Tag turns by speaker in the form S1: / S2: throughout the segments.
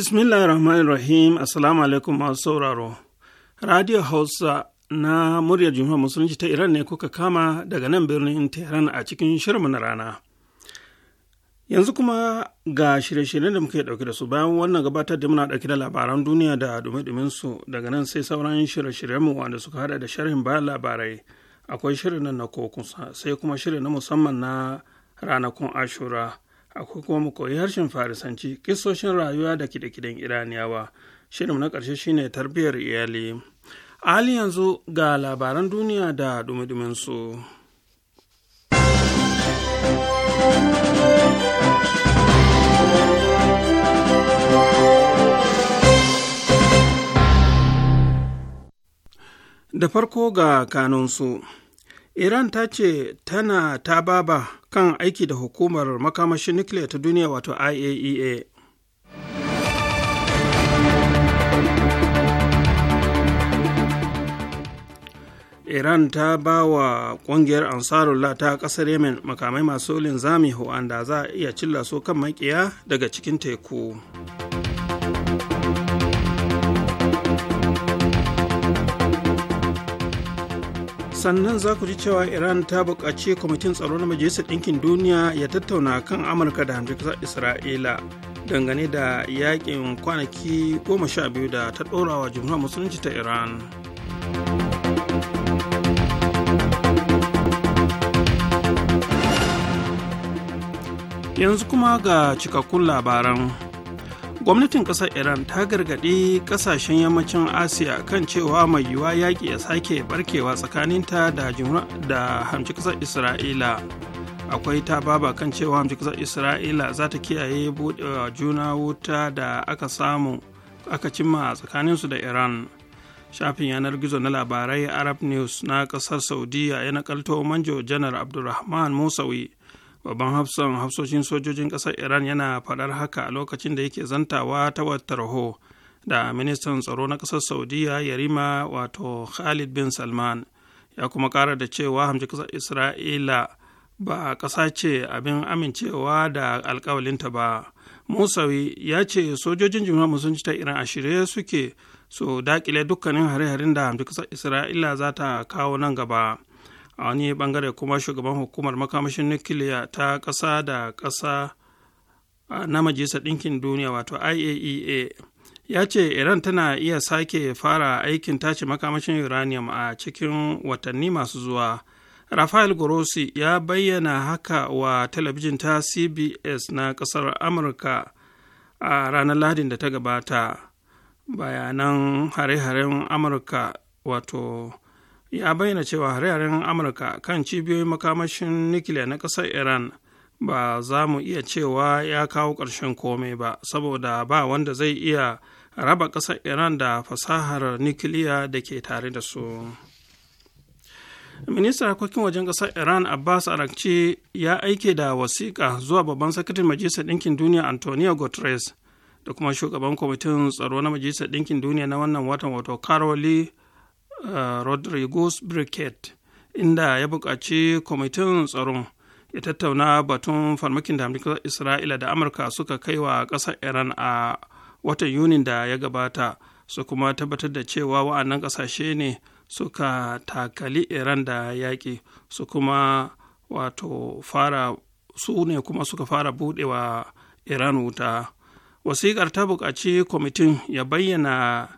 S1: Bismillah rahman rahim Assalamu alaikum masu sauraro. Radio Hausa na muryar Jumhuriyar Musulunci ta Iran ne kuka kama daga nan birnin Tehran a cikin shirin na rana. Yanzu kuma ga shirye-shiryen da muke ɗauke da su bayan wannan gabatar da muna ɗauke da labaran duniya da dume su daga nan sai sauran shirye-shiryenmu wanda suka hada da sharhin bayan labarai akwai shirin na kokusa sai kuma shirin na musamman na ranakun ashura. akwai kuma mu koyi harshen farisanci kisoshin rayuwa da kide-kiden iraniyawa shirin na ƙarshe shine tarbiyyar iyali a hali yanzu ga labaran duniya da dumi da farko ga kanunsu iran ta ce tana ta baba kan aiki da hukumar makamashin nukiliya ta duniya wato iaea e iran ta ba wa kungiyar ansarullah ta ƙasar yemen makamai masu linzami wanda za a iya cilla su kan maƙiya daga cikin teku. sannan za ku ji cewa iran ta buƙaci kwamitin tsaro na majalisar ɗinkin duniya ya tattauna kan amurka da hamshe isra'ila dangane da yaƙin kwanaki goma sha biyu da ta ɗora wa jumhuriyar musulunci ta iran yanzu kuma ga cikakkun labaran gwamnatin ƙasar iran ta gargaɗi ƙasashen yammacin asiya kan cewa mai yiwuwa yaƙi ya sake barkewa tsakaninta da da hamci ƙasar isra'ila akwai ta baba kan cewa hamci ƙasar isra'ila za ta kiyaye buɗewa juna wuta da aka samu aka cimma tsakaninsu da iran shafin yanar gizo na labarai arab news na ƙasar saudiya ya nakalto manjo janar abdulrahman musawi babban hafsan hafsoshin sojojin ƙasar iran yana faɗar haka a lokacin da yake zantawa ta watarho da ministan tsaro na ƙasar saudiya yarima wato khalid bin salman ya kuma ƙara da cewa hamji ƙasar isra'ila ba ƙasa ce abin amincewa da alkawalinta ba musawi ya ce sojojin jimhuriyar musulunci ta iran a shirye suke su daƙile dukkanin hare-haren da hamji ƙasar isra'ila za ta kawo nan gaba a wani bangare kuma shugaban hukumar makamashin nukiliya ta ƙasa da ƙasa na majalisar ɗinkin duniya wato iaea e ya ce iran tana iya sake fara aikin tace makamashin uranium a cikin watanni masu zuwa rafael grossi ya bayyana haka wa talabijin ta cbs na ƙasar amurka a ranar lahadin da ta gabata bayanan hare-haren amurka wato ya bayyana cewa hare-haren amurka kan cibiyoyin makamashin nukiliya na ƙasar iran ba za mu iya cewa ya kawo ƙarshen komai ba saboda ba wanda zai iya raba ƙasar iran da fasahar nukiliya da ke tare da su ministan harkokin wajen ƙasar iran abbas arakci ya aike da wasiƙa zuwa babban sakatin majalisar ɗinkin duniya antonio guterres da kuma shugaban kwamitin tsaro na majalisar ɗinkin duniya na wannan watan wato caroli Eh, rodrigo's briquet inda ya buƙaci kwamitin tsaron ya tattauna batun farmakin da amurka isra'ila da amurka suka kai wa ƙasar iran a watan yunin da ya gabata su kuma tabbatar da cewa wa'annan ƙasashe ne suka takali iran da yaƙi su kuma wato fara su ne kuma suka fara buɗewa iran wuta wasiƙar ta buƙaci kwamitin ya bayyana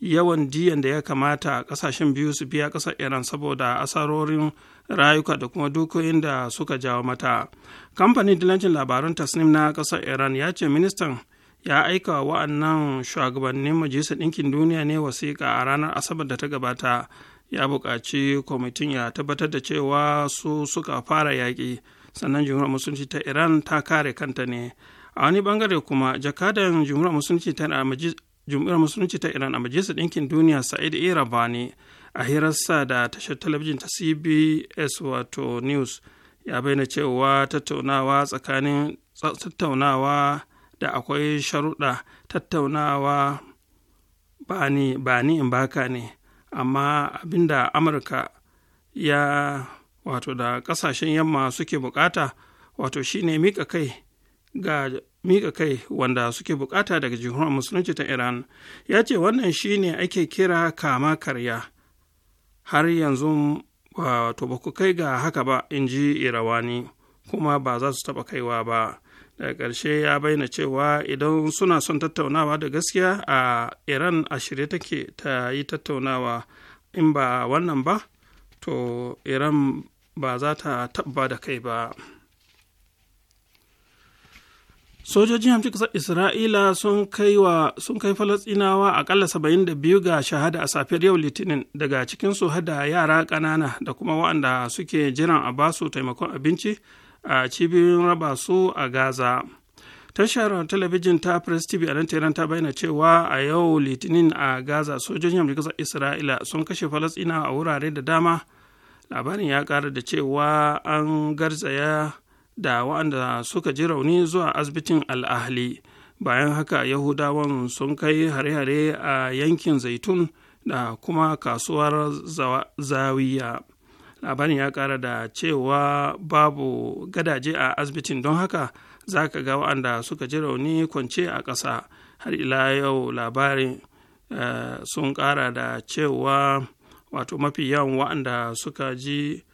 S1: yawan diyan da ya kamata kasashen biyu su biya kasar iran saboda asarorin rayuka da kuma dukiyoyin da suka jawo mata kamfanin dilancin labarun tasnim na kasar iran ya ce ministan ya aika wa'annan shugabannin majalisar ɗinkin duniya ne wasiƙa a ranar asabar da ta gabata ya buƙaci kwamitin ya tabbatar da cewa su suka fara yaƙi sannan jumhuriyar musulunci ta iran ta kare kanta ne a wani bangare kuma jakadan jumhuriyar musulunci ta jumhuriyar musulunci ta iran a majalisar ɗinkin duniya sa'id ne a hirarsa da tashar talabijin ta cbs wato news ya bayyana cewa tattaunawa tsakanin tattaunawa da akwai sharuɗa tattaunawa ba ni in baka ne amma abinda amurka ya wato da ƙasashen yamma suke bukata wato shine mika kai ga mika kai wanda suke bukata daga jihunan musulunci ta iran ya ce wannan shine ake kira kama karya har yanzu wato ba ku kai ga haka ba in ji irawani kuma ba za su taɓa kaiwa ba daga ƙarshe ya bayyana cewa idan suna son tattaunawa da gaskiya a iran a shirye take ta yi tattaunawa in ba wannan ba to iran ba za ta taɓa da kai ba. sojojin hamshi kasar isra'ila sun kai wa aƙalla kai da biyu 72 ga shahada a safiyar yau litinin daga cikinsu hada yara ƙanana da kuma waɗanda suke jiran a basu taimakon abinci a cibiyoyin raba su a gaza tashar talabijin ta press tv a nan tehran ta bayyana cewa a yau litinin a gaza sojojin hamshi kasar isra'ila sun kashe falastinawa a wurare da dama labarin ya ƙara da cewa an garzaya da waɗanda suka ji rauni zuwa asibitin al'ahli bayan haka yahudawan sun kai hare-hare a yankin zaitun da kuma kasuwar zawiya labarin ya kara da cewa babu gadaje a asibitin don haka za ka ga waɗanda suka ji rauni kwance a ƙasa har ila yau labarin eh, sun kara da cewa wato mafi yawan waɗanda suka ji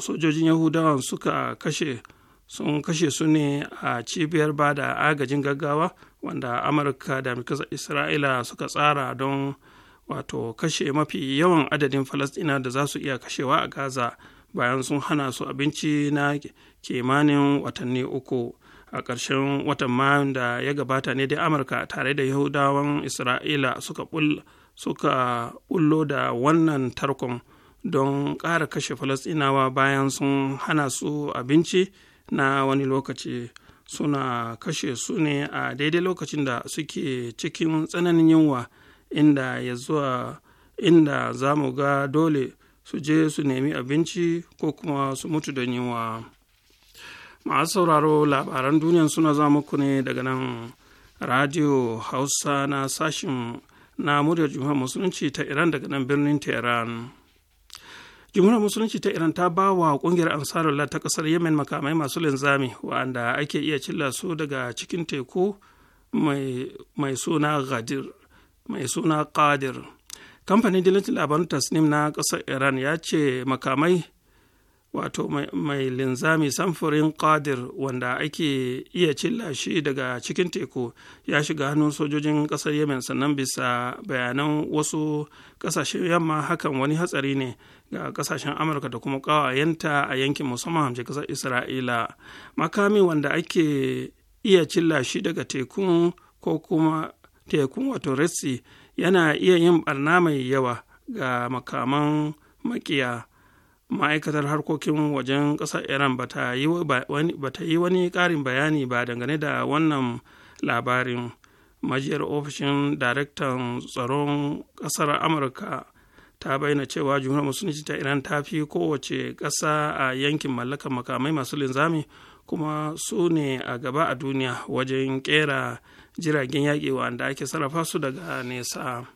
S1: sojojin yahudawan suka kashe sun kashe su ne a cibiyar ba da agajin gaggawa wanda amurka da mikasa isra'ila suka tsara don wato kashe mafi yawan adadin falastina da za su iya kashewa a gaza bayan sun hana su abinci na kimanin watanni uku a ƙarshen watan mayun da ya gabata ne dai amurka tare da yahudawan isra'ila suka suka bullo da wannan tarkon don ƙara kashe falasɗinawa bayan sun hana su abinci na wani lokaci suna kashe su ne a daidai lokacin da suke cikin tsananin yunwa inda ya zuwa inda za mu ga dole su je su nemi abinci ko kuma su mutu da yunwa masu sauraro labaran duniya suna za muku ne daga nan radio hausa na sashin na muryar jihar musulunci ta iran daga nan birnin tehran jimhuriyar musulunci ta iran ta ba wa kungiyar ansarullah ta kasar yemen makamai masu linzami wa'anda ake iya cilla su daga cikin teku mai suna gadir mai suna qadir kamfanin dilancin labarin tasnim na kasar iran ya ce makamai wato mai linzami samfurin qadir wanda ake iya cilla shi daga cikin teku ya shiga hannun sojojin kasar yemen sannan bisa bayanan wasu kasashen yamma hakan wani hatsari ne ga kasashen amurka da kuma kawayenta a yankin musamman hamshe kasar isra'ila makami wanda ake iya cilla shi daga tekun ko kuma tekun wato yana iya yin barna mai yawa ga makaman makiya ma'aikatar harkokin wajen ƙasar iran ba ta yi wani ƙarin bayani ba dangane da wannan labarin majiyar ofishin daraktan tsaron ƙasar amurka ta bayyana cewa jumhuriyar musulunci ta iran ta fi kowace ƙasa a yankin mallakar makamai masu linzami kuma su ne a gaba a duniya wajen ƙera jiragen yaƙi wanda ake sarrafa su daga nesa.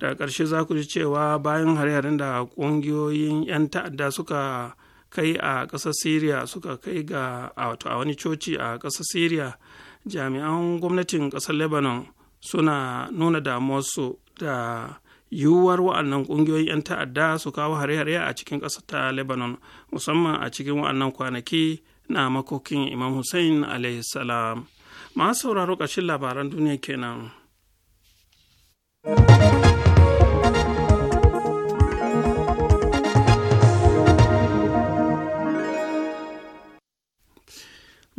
S1: da ƙarshe za ku ji cewa bayan hare-haren da ƙungiyoyin 'yan ta'adda suka kai a ƙasar syria suka kai ga a wani coci a ƙasar syria jami'an gwamnatin ƙasar lebanon suna nuna damuwarsu da yiwuwar wa'annan ƙungiyoyin 'yan ta'adda su kawo hare-hare a cikin ƙasar ta lebanon musamman a cikin wa'annan kwanaki na makokin imam hussain alaihi salam masu sauraro ƙashin labaran duniya kenan.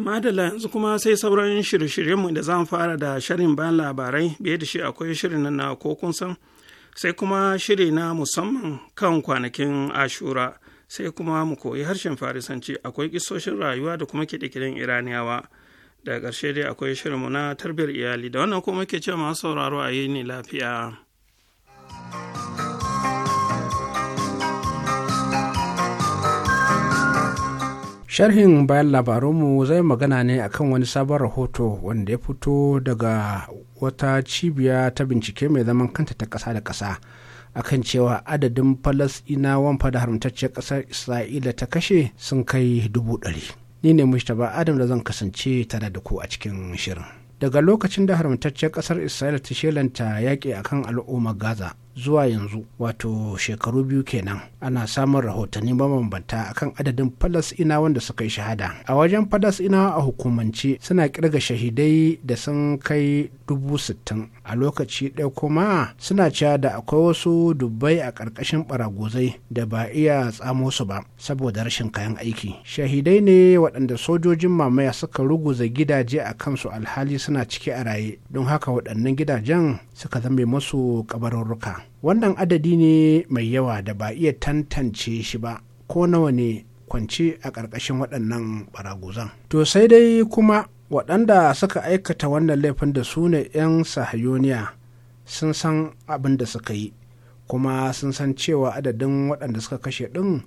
S1: Madala yanzu kuma sai sauran shirye-shiryenmu da zan fara da shirin bayan labarai biye da shi akwai shirin na ko kun san sai kuma shiri na musamman kan kwanakin ashura sai kuma mu koyi harshen farisanci akwai kisoshin rayuwa da kuma kiɗe iraniyawa da ƙarshe dai akwai shirinmu na tarbiyyar iyali da wannan kuma muke ce masu sauraro a yi ne lafiya.
S2: sharhin bayan labarunmu zai magana ne akan wani sabon rahoto wanda ya fito daga wata cibiya ta bincike mai zaman kanta ta ƙasa da ƙasa akan cewa adadin falasɗinawan fada haramtacciyar ƙasar isra'ila ta kashe sun kai dubu ɗari ni ne mustapha adam da zan kasance tare da ku a cikin shirin daga lokacin da haramtacciyar ƙasar isra'ila ta shelanta yaƙi akan al'ummar gaza zuwa yanzu wato shekaru biyu kenan ana samun rahotanni mabambanta akan adadin falasina wanda suka yi shahada a wajen falasina a hukumance suna kirga shahidai da sun kai dubu sittin a lokaci ɗaya kuma suna cewa da akwai wasu dubbai a ƙarƙashin baragozai da ba iya tsamo su ba saboda rashin kayan aiki shahidai ne waɗanda sojojin mamaya suka ruguza gidaje a kansu alhali suna ciki a raye don haka waɗannan gidajen suka zame masu kabarurruka wannan adadi ne mai yawa da ba iya tantance shi ba ko nawa ne kwance a ƙarƙashin waɗannan baraguzan to sai dai kuma waɗanda suka aikata wannan laifin da su ne 'yan sahayoniya sun san abin da suka yi kuma sun san cewa adadin waɗanda suka kashe ɗin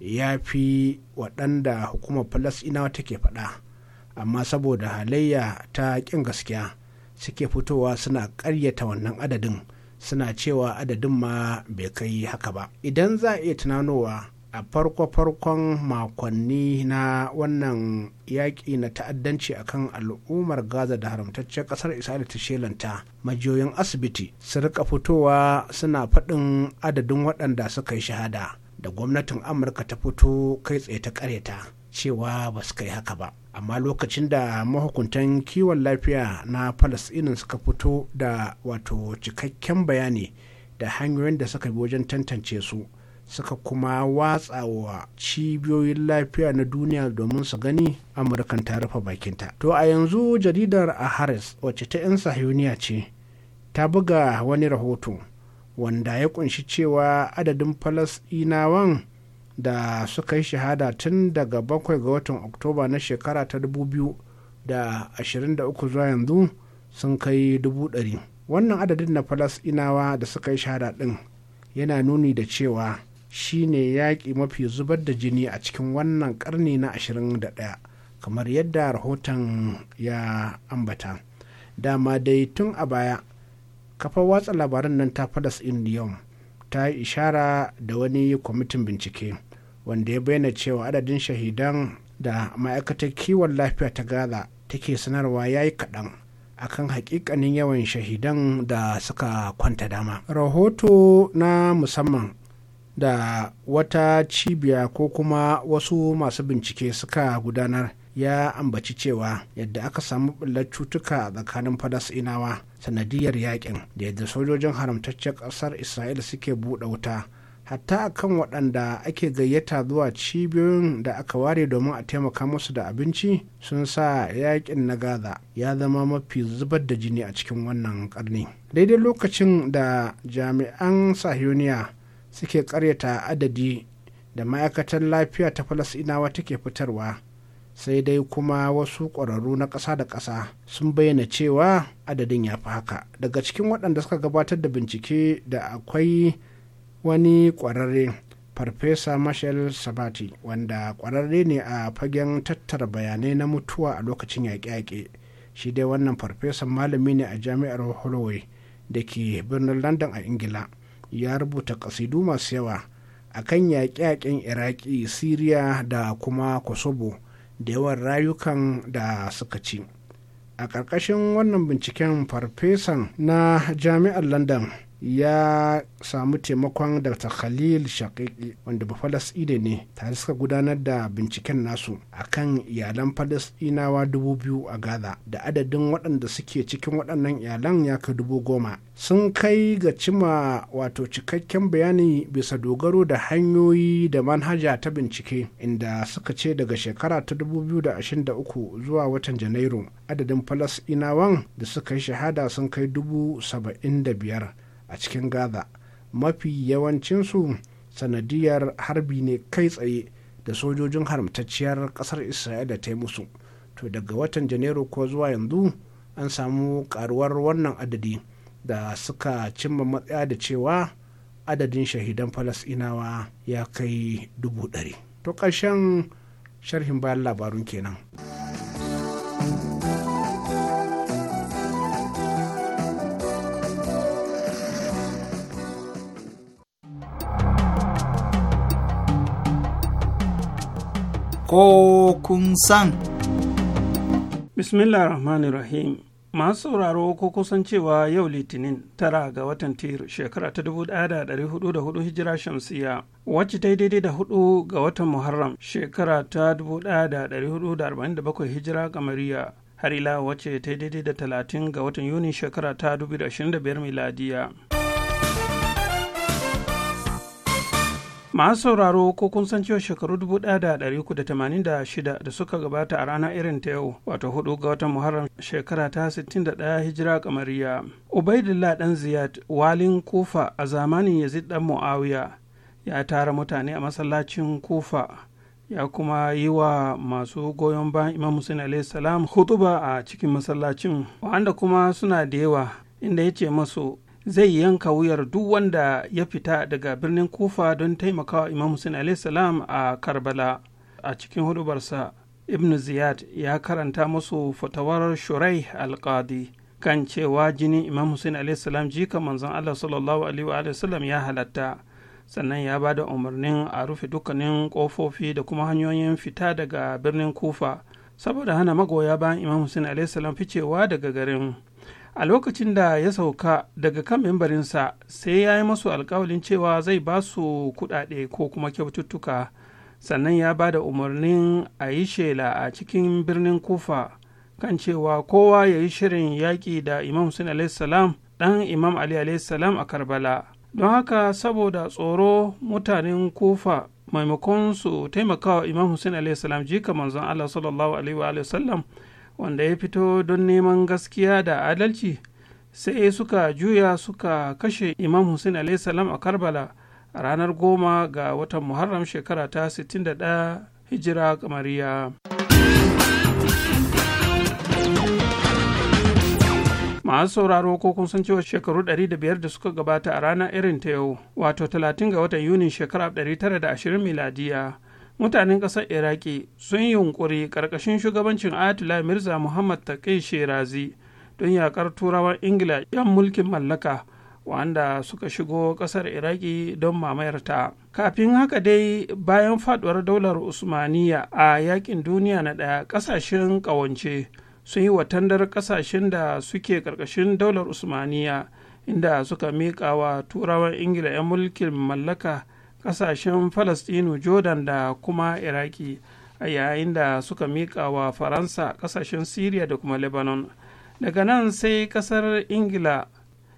S2: ya fi waɗanda hukumar falasɗinawa take faɗa amma saboda halayya ta ƙin gaskiya suke fitowa suna ƙaryata wannan adadin suna cewa adadin ma bai kai haka ba idan za a iya tunanowa a farko-farkon makonni na wannan yaƙi na ta'addanci akan al'ummar gaza da haramtaccen ƙasar isra'ila ta shelanta majiyoyin asibiti su rika fitowa suna faɗin adadin waɗanda suka yi shahada da gwamnatin amurka ta fito kai tsaye ta ƙaryata, cewa ba su kai haka ba amma lokacin da mahukuntan kiwon lafiya na palestinin suka fito da wato cikakken bayani da hanyoyin da suka bi wajen tantance su suka kuma watsa wa cibiyoyin lafiya na duniya domin su gani amurkan ta rufe bakinta to a yanzu jaridar a harris wacce ta 'yan sahiyoniya ce ta buga wani rahoto wanda ya kunshi cewa adadin falasɗinawan da suka yi shahada tun daga bakwai ga watan oktoba na shekara ta 2023 zuwa yanzu sun kai dubu ɗari wannan adadin na falasɗinawa da suka yi shahada din yana nuni da cewa shine yaƙi mafi zubar da jini a cikin wannan karni na da ɗaya kamar yadda rahoton ya ambata dama dai tun a baya kafa watsa labaran nan ta falasɗin yau ta yi ishara da wani kwamitin bincike wanda ya bayyana cewa adadin shahidan da ma'aikatar kiwon lafiya ta gaza take sanarwa ya yi kaɗan akan hakikanin yawan shahidan da suka kwanta dama rahoto na musamman da wata cibiya ko kuma wasu masu bincike suka gudanar ya ambaci cewa yadda aka samu ɓullar cutuka a tsakanin falasɗinawa sanadiyar yakin da yadda sojojin haramtaccen ƙasar isra'ila suke buɗe wuta hatta akan waɗanda ake gayyata zuwa cibiyoyin da aka ware domin a taimaka musu da abinci sun sa yaƙin na gaza ya zama mafi zubar da jini a cikin wannan ƙarni. daidai lokacin da jami'an sahiyoniya suke karyata adadi da ma'aikatan lafiya ta falasinawa take fitarwa sai dai kuma wasu ƙwararru na ƙasa da ƙasa sun bayyana cewa adadin ya fi haka daga cikin waɗanda suka gabatar da bincike da akwai wani kwararre farfesa marshal sabati wanda kwararre ne a fagen tattara bayanai na mutuwa a lokacin yaƙe-yaƙe shi dai wannan farfesan malami ne a jami'ar holloway da ke birnin london a ingila ya rubuta kasidu masu yawa a kan yaƙe-yaƙen iraki siriya da kuma kosovo da yawan rayukan da suka ci a ƙarƙashin wannan binciken farfesan na jami'ar london ya samu taimakon dr khalil shakiki wanda ba falasɗine ne tare suka gudanar da binciken nasu a kan iyalan falasɗinawa dubu biyu a gaza da adadin waɗanda suke cikin waɗannan iyalan ya kai dubu goma sun kai ga cima wato cikakken bayani bisa dogaro da hanyoyi da manhaja ta bincike inda suka ce daga shekara ta 2023 zuwa watan janairu adadin falasɗinawan da suka yi shahada sun kai dubu saba'in da biyar a cikin gaza mafi yawancinsu sanadiyar harbi ne kai tsaye da sojojin haramtacciyar kasar isra'ila ta yi musu to daga watan janairu ko zuwa yanzu an samu karuwar wannan adadi da suka cimma matsaya da cewa adadin shahidan falasinawa ya kai dubu ɗari to ƙarshen sharhin bayan labarun kenan. ko
S1: kun san. Bismillah Rahmanir Rahim. Masu sauraro ko kusan cewa yau Litinin tara ga watan Tir shekara ta dubu da da dari hudu hudu hijira shamsiya wacce ta daidai da hudu ga watan Muharram shekara ta dubu da da da dari hudu arba'in bakwai hijira gamariya har ila wacce ta daidai da talatin ga watan Yuni shekara ta dubu da biyar miladiya. masu sauraro ko kun san cewa shekaru dubu da da da da tamanin shida suka gabata a rana irin ta yau wato hudu ga watan muharram shekara ta sittin da ɗaya, hijira kamariya ubaidullah dan ziyad walin kufa a zamanin yazid dan muawiya ya tara mutane a masallacin kufa ya kuma yi wa masu goyon bayan imam hussein salam hutuba a cikin masallacin wanda kuma suna da yawa inda ya ce masu zai yanka wuyar duk wanda ya fita daga birnin kufa don taimakawa imam hussein salam a karbala a cikin hudubarsa ibn ziyad ya karanta musu fatawar shurai alkadi kan cewa jinin imam hussein salam jika manzon allah sallallahu alaihi ya halatta sannan ya ba da umarnin a rufe dukkanin kofofi da kuma hanyoyin fita daga birnin kufa saboda hana magoya bayan imam hussein salam ficewa daga garin a lokacin da ya sauka daga kan membarinsa sai ya yi masu alkawalin cewa zai ba su kuɗaɗe ko kuma kyaututtuka sannan ya ba da umarnin a yi shela a cikin birnin kufa kan cewa kowa ya yi shirin yaƙi da imam Hussein salam ɗan imam ali salam a karbala don haka saboda tsoro mutanen kufa maimakon su taimakawa imam Hussein salam jika manzon allah sallallahu alaihi wa sallam wanda ya fito don neman gaskiya da adalci sai suka juya suka kashe imam hussein salam a karbala a ranar goma ga watan muharram shekara ta 61 hijira kamariya masu sauraro ko kun san cewa shekaru 500 da suka gabata a rana irin ta yau wato 30 ga watan yunin shekara 920 miladiya mutanen ƙasar iraki sun yi yunƙuri ƙarƙashin shugabancin atila mirza muhammad taqi shirazi don yaƙar turawan ingila 'yan mulkin mallaka wanda suka shigo ƙasar iraki don mamayarta kafin haka dai bayan faduwar daular usmaniya a yakin duniya na ɗaya ƙasashen ƙawance sun yi watandar ƙasashen da suke ƙarƙashin daular usmaniya inda suka miƙa wa turawan ingila 'yan mulkin mallaka kasashen falastinu jordan da kuma iraki a yayin da suka miƙa wa faransa kasashen syria da kuma lebanon daga nan sai kasar ingila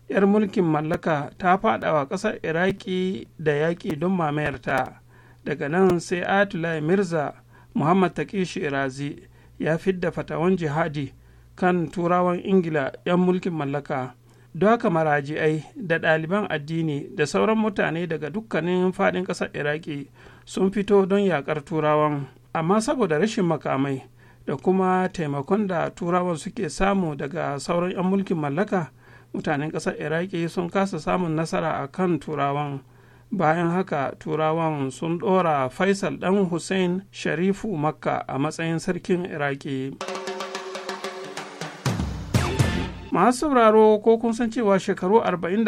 S1: 'yar mulkin mallaka ta faɗawa kasar iraki da yaƙi don mamayarta daga nan sai atulai mirza muhammad taƙi shirazi ya fidda fatawan jihadi kan turawan ingila 'yan mulkin mallaka don haka marajiai da ɗaliban addini da sauran mutane daga dukkanin faɗin ƙasar iraki sun fito don yaƙar turawan amma saboda rashin makamai da kuma taimakon da turawan suke samu daga sauran 'yan mulkin mallaka mutanen ƙasar iraki sun kasa samun nasara a kan turawan bayan haka turawan sun ɗora faisal ɗan hussein sharifu makka a matsayin sarkin iraki. masu sauraro ko kun san cewa shekaru 48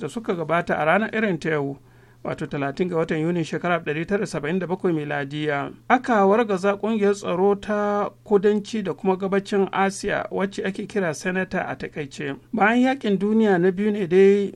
S1: da suka gabata a ranar irin ta yau wato 30 ga watan yuni shekara 1977 miladiya aka wargaza kungiyar tsaro ta kudanci da kuma gabacin asiya wacce ake kira senata a takaice bayan yakin duniya na biyu ne dai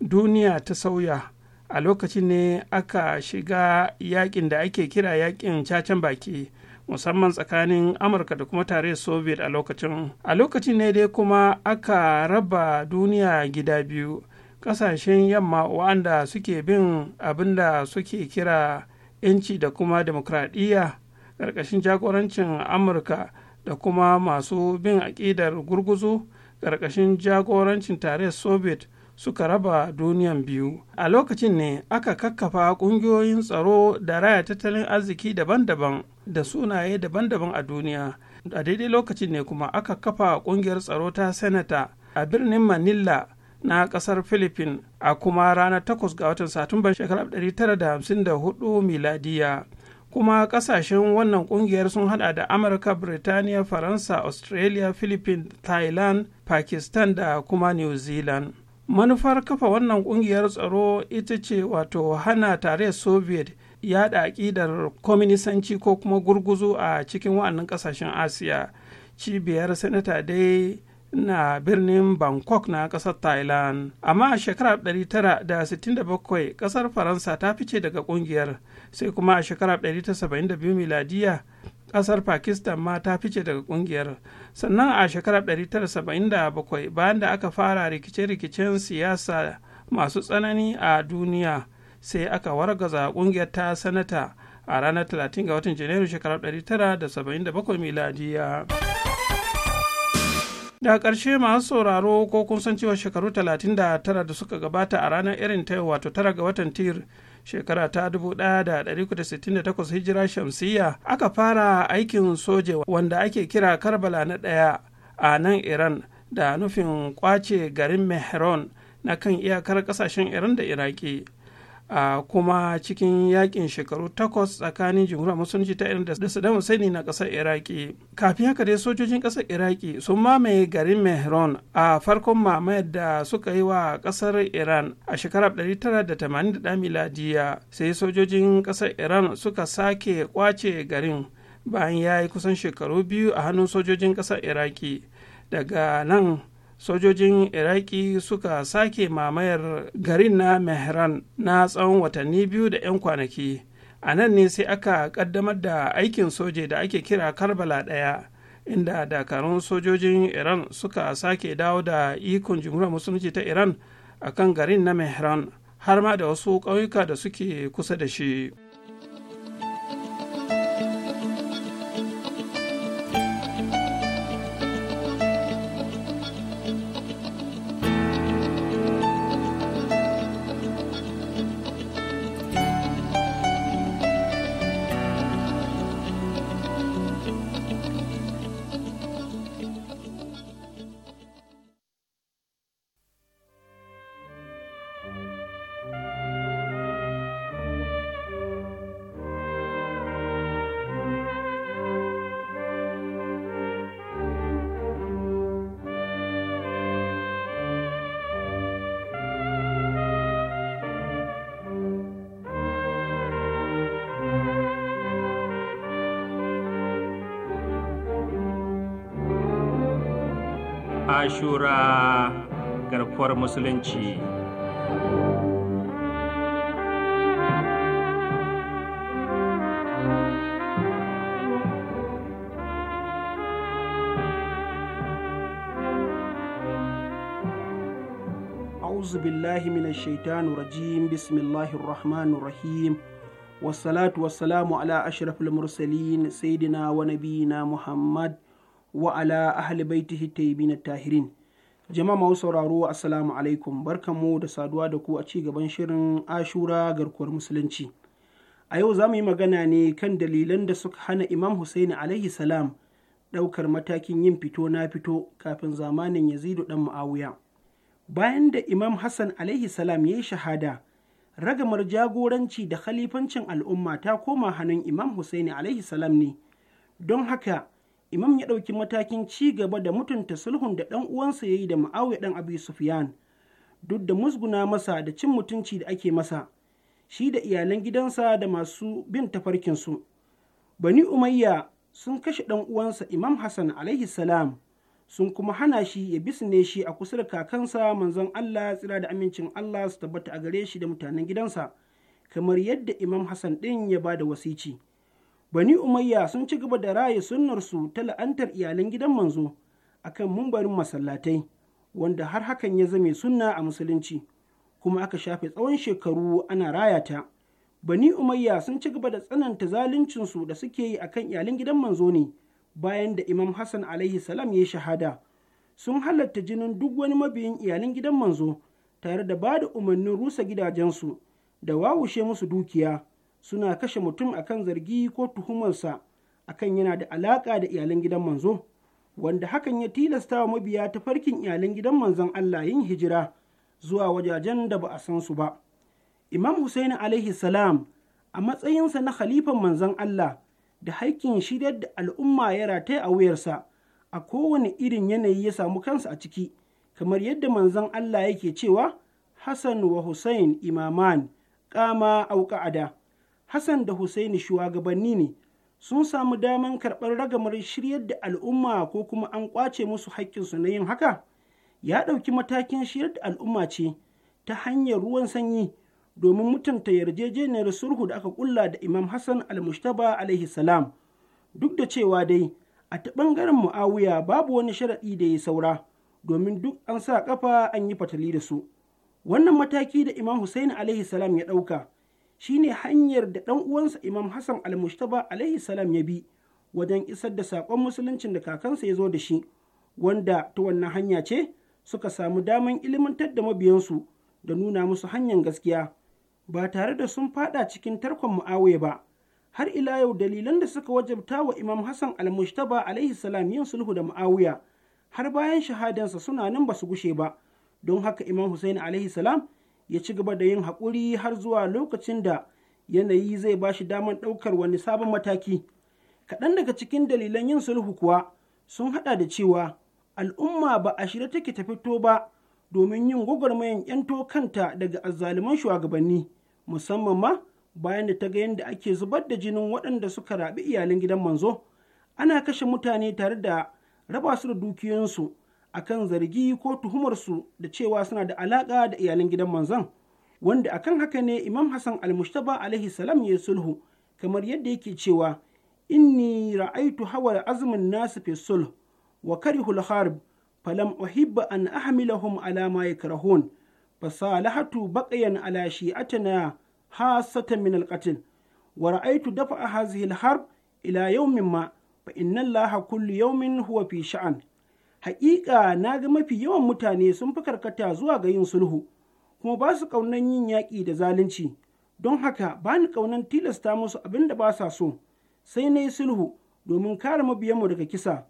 S1: duniya ta sauya a lokacin ne aka shiga yakin da ake kira yakin cacen baki musamman tsakanin amurka da kuma tare soviet a lokacin a lokacin ne dai kuma aka raba duniya gida biyu kasashen yamma wa'anda suke bin abin da suke kira 'yanci da kuma demokradiyya ƙarƙashin jagorancin amurka da kuma masu bin aƙidar gurguzu ƙarƙashin jagorancin tare soviet suka raba duniyan biyu a lokacin ne aka kakkafa ƙungiyoyin tsaro da raya tattalin arziki daban-daban da sunaye daban-daban a duniya a daidai lokacin ne kuma aka kafa ƙungiyar tsaro ta senata a birnin manila na ƙasar Filipin, a kuma ranar 8 ga watan satumbar shekarar 1954 miladiya kuma kasashen wannan kungiyar sun hada da amurka birtaniya faransa australia philippines thailand pakistan da kuma new zealand manufar kafa wannan kungiyar tsaro ita ce wato hana tare soviet yada aƙidar kwaminisanci ko kuma gurguzu a cikin wa'annan ƙasashen asiya cibiyar senata dai na birnin bangkok na ƙasar thailand amma a shekarar 1967 ƙasar faransa ta fice daga ƙungiyar sai kuma a shekarar 1972 miladiya kasar pakistan ma ta fice daga kungiyar sannan a shekarar 1977 bayan da aka fara rikice-rikicen siyasa masu tsanani a duniya sai aka wargaza kungiyar ta sanata a ranar 30 ga watan janairu shekarar 1977 miladiya. da ƙarshe masu sauraro ko kun san cewa shekaru 39 da suka gabata a ranar irin ta wato 9 ga watan tir shekara ta 1968 hijira shamsiyya aka fara aikin soje wanda ake kira karbala na ɗaya a nan iran da nufin kwace garin mehron na kan iyakar ƙasashen iran da iraki a kuma cikin yakin shekaru takwas tsakanin jumhuriyar musulunci ta irin da saddam Sani na kasar iraki kafin haka dai sojojin kasar iraki sun mamaye garin mehron a farkon mamayar da suka yi wa kasar iran a shekarar 1981 miladiya sai sojojin kasar iran suka sake kwace garin bayan ya yi kusan shekaru biyu a hannun sojojin kasar iraki daga nan sojojin iraki suka sake mamayar garin na mehran na tsawon watanni biyu da 'yan kwanaki a nan ne sai aka kaddamar da aikin soje da ake kira karbala ɗaya inda dakarun sojojin iran suka sake dawo da ikon jimhuriyar musulunci ta iran akan garin na mehran har ma da wasu ƙauyuka da suke kusa da shi.
S3: ashura garkuwar musulunci
S4: أعوذ بالله من الشيطان الرجيم بسم الله الرحمن الرحيم والصلاة والسلام على أشرف المرسلين سيدنا ونبينا محمد wa ala ahli baitihi tayyibin tahirin jama'a masu sauraro assalamu alaikum barkanmu da saduwa da ku a ci gaban shirin ashura garkuwar musulunci a yau za mu yi magana ne kan dalilan da suka hana imam husaini alaihi salam ɗaukar matakin yin fito na fito kafin zamanin yazidu ɗan ma'awuya bayan da imam hassan alaihi salam ya yi shahada ragamar jagoranci da khalifancin al'umma ta koma hannun imam husaini alaihi salam ne don haka imam ya ɗauki matakin ci gaba da mutunta sulhun da ɗan uwansa ya yi da ma'auya ɗan abu sufiyan duk da musguna masa da cin mutunci da ake masa shi da iyalan gidansa da masu bin tafarkinsu bani umayya sun kashe ɗan uwansa imam hassan alaihi salam sun kuma hana shi ya bisne shi a kusa da kakansa manzon allah tsira da amincin allah su tabbata a gare shi da mutanen gidansa kamar yadda imam hassan ɗin ya ba da wasici. bani umayya sun ci gaba da raye sunnarsu ta la'antar iyalan gidan manzo akan mumbarin masallatai wanda har hakan ya zame sunna a musulunci kuma aka shafe tsawon shekaru ana raya ta bani umayya sun ci gaba da tsananta zaluncinsu da suke yi akan iyalan gidan manzo ne bayan da imam hassan alaihi salam ya shahada sun halatta jinin duk wani mabiyin iyalan gidan manzo tare da ba da umarnin rusa gidajensu da wawushe musu dukiya suna kashe mutum akan zargi ko tuhumarsa akan yana da alaƙa da iyalan gidan manzo wanda hakan ya tilasta wa mabiya ta farkin iyalan gidan manzon Allah yin hijira zuwa wajajen da ba a san su ba Imam Hussein alaihi salam a matsayinsa na khalifan manzon Allah da haikin shiryar da al'umma ya rataye a wuyarsa a kowane irin yanayi ya samu kansa a ciki kamar yadda manzon Allah yake cewa Hassan wa Hussein imaman kama auka'ada. hassan da hussaini shugabanni ne sun samu daman karɓar ragamar shiryar da al'umma ko kuma an ƙwace musu haƙƙinsu na yin haka ya ɗauki matakin shiryar da al'umma ce ta hanyar ruwan sanyi domin mutunta yarjejeniyar sulhu da aka kulla da imam hassan al-mustaba alaihi salam duk da cewa dai a ta ɓangaren mu'awiya babu wani sharaɗi da ya saura domin duk an sa ƙafa an yi fatali da su wannan mataki da imam hussein alaihi salam ya ɗauka shine hanyar da ɗan uwansa imam hassan almustaba alaihi salam ya bi wajen isar da saƙon musuluncin da kakansa ya zo da shi wanda ta wannan hanya ce suka samu daman ilimantar da mabiyansu da nuna musu hanyar gaskiya ba tare da sun faɗa cikin tarkon mu'awiya ba har ila yau dalilan da suka wajabta wa imam hassan almustaba alaihi salam yin sulhu da mu'awiya har bayan shahadansa suna nan ba su gushe ba don haka imam hussein alaihi salam ya ci gaba da yin haƙuri har zuwa lokacin da yanayi zai ba shi damar ɗaukar wani sabon mataki. Kaɗan daga cikin dalilan yin sulhu kuwa sun haɗa da cewa al'umma ba a shirya take ta fito ba domin yin gwagwarmayan 'yanto kanta daga azzaluman shugabanni musamman ma bayan da ta ga yadda ake zubar da jinin waɗanda suka raɓi iyalin gidan manzo ana kashe mutane tare da raba su da dukiyoyinsu akan zargi ko tuhumarsu da cewa suna da alaƙa da iyalan gidan manzon wanda akan haka ne imam hassan almustaba alaihi salam ya sulhu kamar yadda yake cewa inni ra'aitu hawa azumin nasu fi sulh wa karihul harb falam uhibba an ahmilahum ala ma yakrahun fasalahatu baqiyan ala shi'atina hasatan min alqatl wa ra'aitu dafa hadhihi alharb ila yawmin ma fa inna allaha kullu yawmin huwa fi sha'an haƙiƙa na ga mafi yawan mutane sun fi karkata zuwa ga yin sulhu kuma ba su ƙaunan yin yaƙi da zalunci don haka ba ni ƙaunan tilasta musu abin da ba sa so sai na yi sulhu domin kare mabiyanmu daga kisa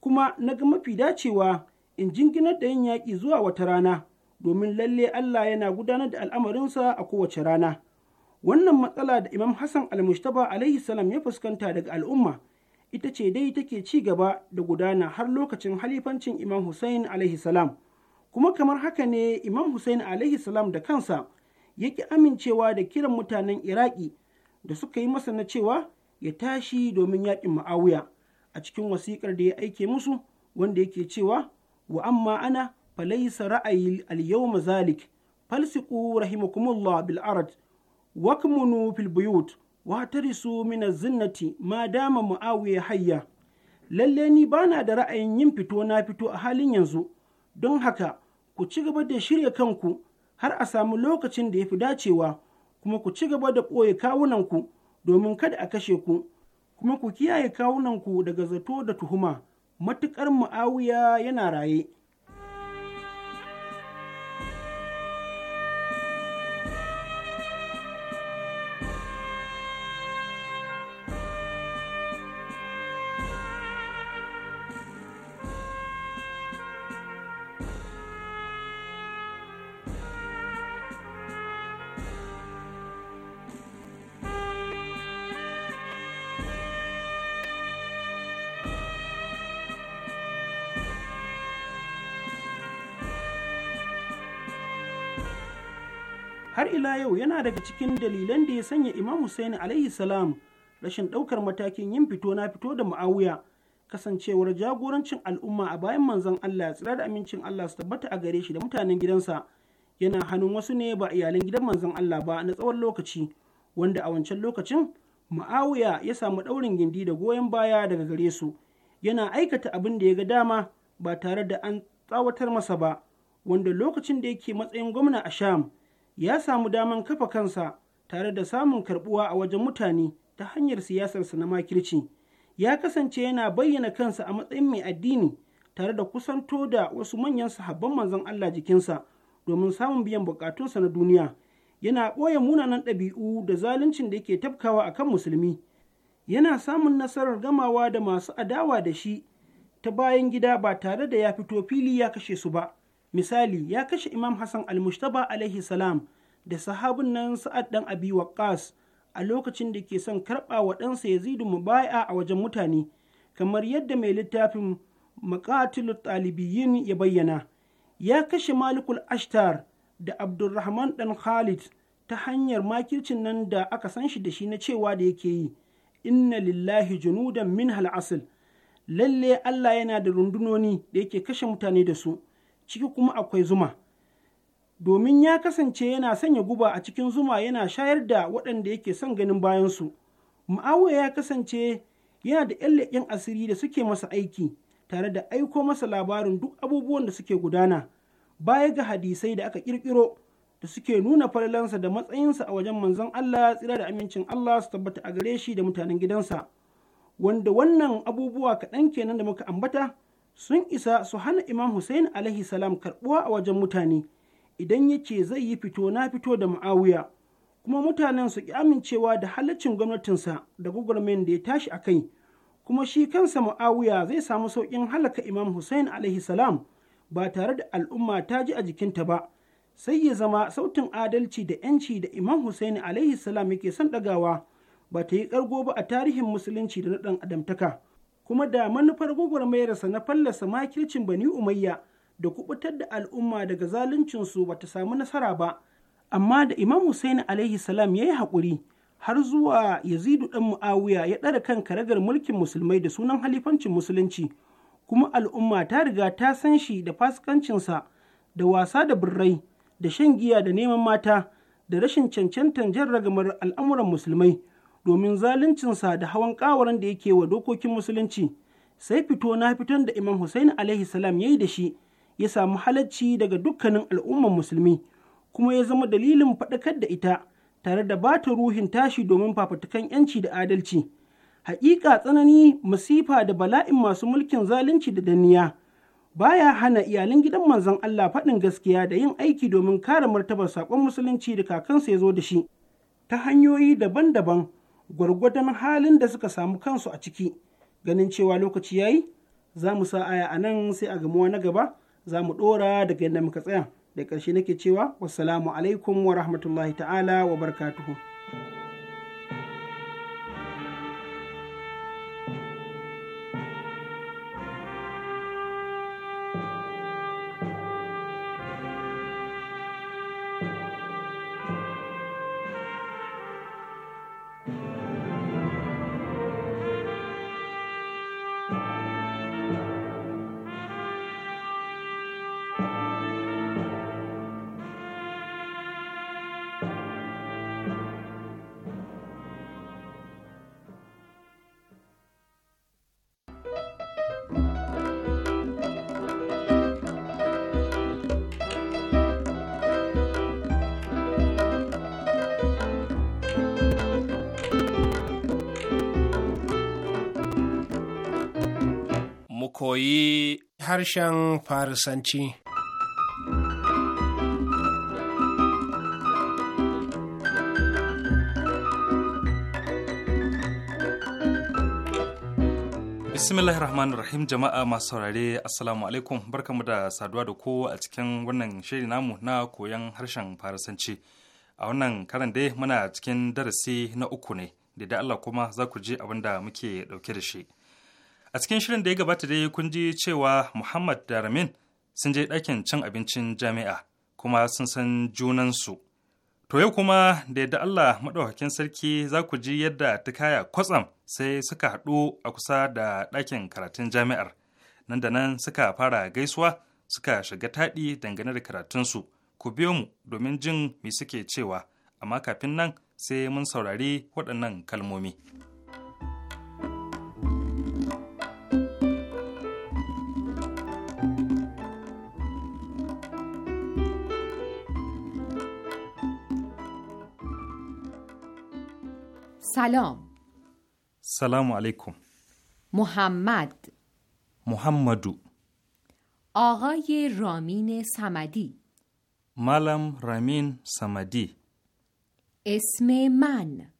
S4: kuma na ga mafi dacewa in jinginar da yin yaƙi zuwa wata rana domin lalle Allah yana gudanar da al'amarinsa a kowace rana. Wannan matsala da Imam Hassan al-Mustaba alaihi salam ya fuskanta daga al'umma ita ce dai take ci gaba da gudana har lokacin halifancin imam hussein alaihi salam kuma kamar haka ne imam hussein alaihi salam da kansa yake amincewa da kiran mutanen iraki da suka yi masa na cewa ya tashi domin yaƙin ma'awuya a cikin wasiƙar da ya aike musu wanda yake cewa wa amma ana falaisa ra'ayi al-yawma zalik rahimakumullah bil arad wakmunu fil watarisu mina zinnati ma dama mu'awiya hayya lalle ni bana da ra'ayin yin fito na fito a halin yanzu don haka ku ci gaba da shirya kanku har a samu lokacin da ya fi dacewa kuma ku ci gaba da ɓoye kawunanku domin kada a kashe ku kuma ku kiyaye kawunanku daga zato da tuhuma matuƙar mu'awiya yana raye yau yana daga cikin dalilan da ya sanya Imam Hussein alaihi salam rashin ɗaukar matakin yin fito na fito da Muawiya kasancewar jagorancin al'umma a bayan manzon Allah tsira da amincin Allah su tabbata a gare shi da mutanen gidansa yana hannun wasu ne ba iyalan gidan manzon Allah ba na tsawon lokaci wanda a wancan lokacin Muawiya ya samu ɗaurin gindi da goyon baya daga gare su yana aikata abin da ya ga dama ba tare da an tsawatar masa ba wanda lokacin da yake matsayin gwamna a Sham ya samu daman kafa kansa tare da samun karbuwa a wajen mutane ta hanyar siyasarsa na makirci ya kasance yana bayyana kansa a matsayin mai addini tare da kusanto da wasu manyan sahabban manzon Allah jikinsa domin samun biyan bukatunsa na duniya yana ɓoye munanan ɗabi'u da zaluncin da yake tafkawa a kan musulmi yana samun nasarar gamawa da masu adawa da shi ta bayan gida ba tare da ya fito fili ya kashe su ba misali ya kashe imam hassan almushtaba alaihi salam da sahabin nan sa'ad dan abi waqqas a lokacin da ke son karɓa wa ɗansa yazidu mubaya a wajen mutane kamar yadda mai littafin maqatilut talibiyin ya bayyana ya kashe malikul ashtar da abdulrahman dan khalid ta hanyar makircin nan da aka san shi da shi na cewa da yake yi inna lillahi junudan min hal lalle allah yana da rundunoni da yake kashe mutane da su ciki kuma akwai zuma domin ya kasance yana sanya guba a cikin zuma yana shayar da waɗanda yake son ganin bayansu ma'awu ya kasance yana da 'yan leƙen asiri da suke masa aiki tare da aiko masa labarin duk abubuwan da suke gudana baya ga hadisai da aka ƙirƙiro da suke nuna falalansa da matsayinsa a wajen manzon Allah tsira da amincin Allah su tabbata a gare shi da mutanen gidansa wanda wannan abubuwa kaɗan kenan da muka ambata sun isa su hana imam hussein alaihi salam karbuwa a wajen mutane idan ya ce zai yi fito na fito da mu'awiya kuma mutanen su ki amincewa da halaccin gwamnatinsa da gwagwarmayin da ya tashi a kai kuma shi kansa mu'awiya zai samu sauƙin halaka imam hussein alaihi salam ba tare da al'umma ta ji a jikinta ba sai ya zama sautin adalci da 'yanci da imam hussein alaihi salam yake son ɗagawa ba ta yi ƙargo ba a tarihin musulunci da na ɗan adamtaka. kuma da manufar gwagwarmayarsa na fallasa makircin bani umayya da kubutar da al'umma daga zaluncinsu ba ta samu nasara ba amma da imam Hussein alaihi salam ya yi haƙuri har zuwa yazidu ɗan mu'awiya ya ɗara kan karagar mulkin musulmai da sunan halifancin musulunci kuma al'umma ta riga ta san shi da fasikancinsa da wasa da birrai da shan giya da neman mata da rashin cancantan jan ragamar al'amuran musulmai domin zaluncinsa da hawan ƙawaran da yake wa dokokin musulunci sai fito na fitan da imam hussain alaihi salam ya yi da shi ya samu halacci daga dukkanin al'ummar musulmi kuma ya zama dalilin faɗakar da ita tare da ba ta ruhin tashi domin fafutukan yanci da adalci haƙiƙa tsanani masifa da bala'in masu mulkin zalunci da danniya baya hana iyalin gidan manzon Allah faɗin gaskiya da yin aiki domin kare martabar saƙon musulunci da kakansa ya zo da shi ta hanyoyi daban-daban gwargwadon halin da suka samu kansu a ciki ganin cewa lokaci ya yi za mu sa aya a nan sai a gamuwa na gaba za mu ɗora daga yadda muka tsaya da ƙarshe nake cewa wassalamu alaikum wa rahmatullahi ta'ala wa barkatuhu.
S3: koyi
S2: harshen Farisanci.
S3: bismillahir rahmanir rahim jama'a masu saurare assalamu alaikum barkamu da saduwa da ku a cikin wannan shirin namu na koyon harshen farisanci a wannan karan dai muna cikin darasi na uku ne da da Allah kuma za ku ji abin da muke dauke da shi a cikin shirin da ya gabata dai kun ji cewa muhammad da ramin sun je ɗakin cin abincin jami'a kuma sun san junansu to yau kuma da yadda allah maɗaukakin sarki za ku ji yadda ta kaya kwatsam sai suka haɗu a kusa da ɗakin karatun jami'ar nan da nan suka fara gaisuwa suka shiga taɗi dangane da karatunsu ku biyo mu domin jin me suke cewa amma kafin nan sai mun saurari waɗannan kalmomi. سلام سلام علیکم
S5: محمد
S3: محمدو
S5: آقای رامین سمدی
S3: ملم رامین سمدی
S5: اسم من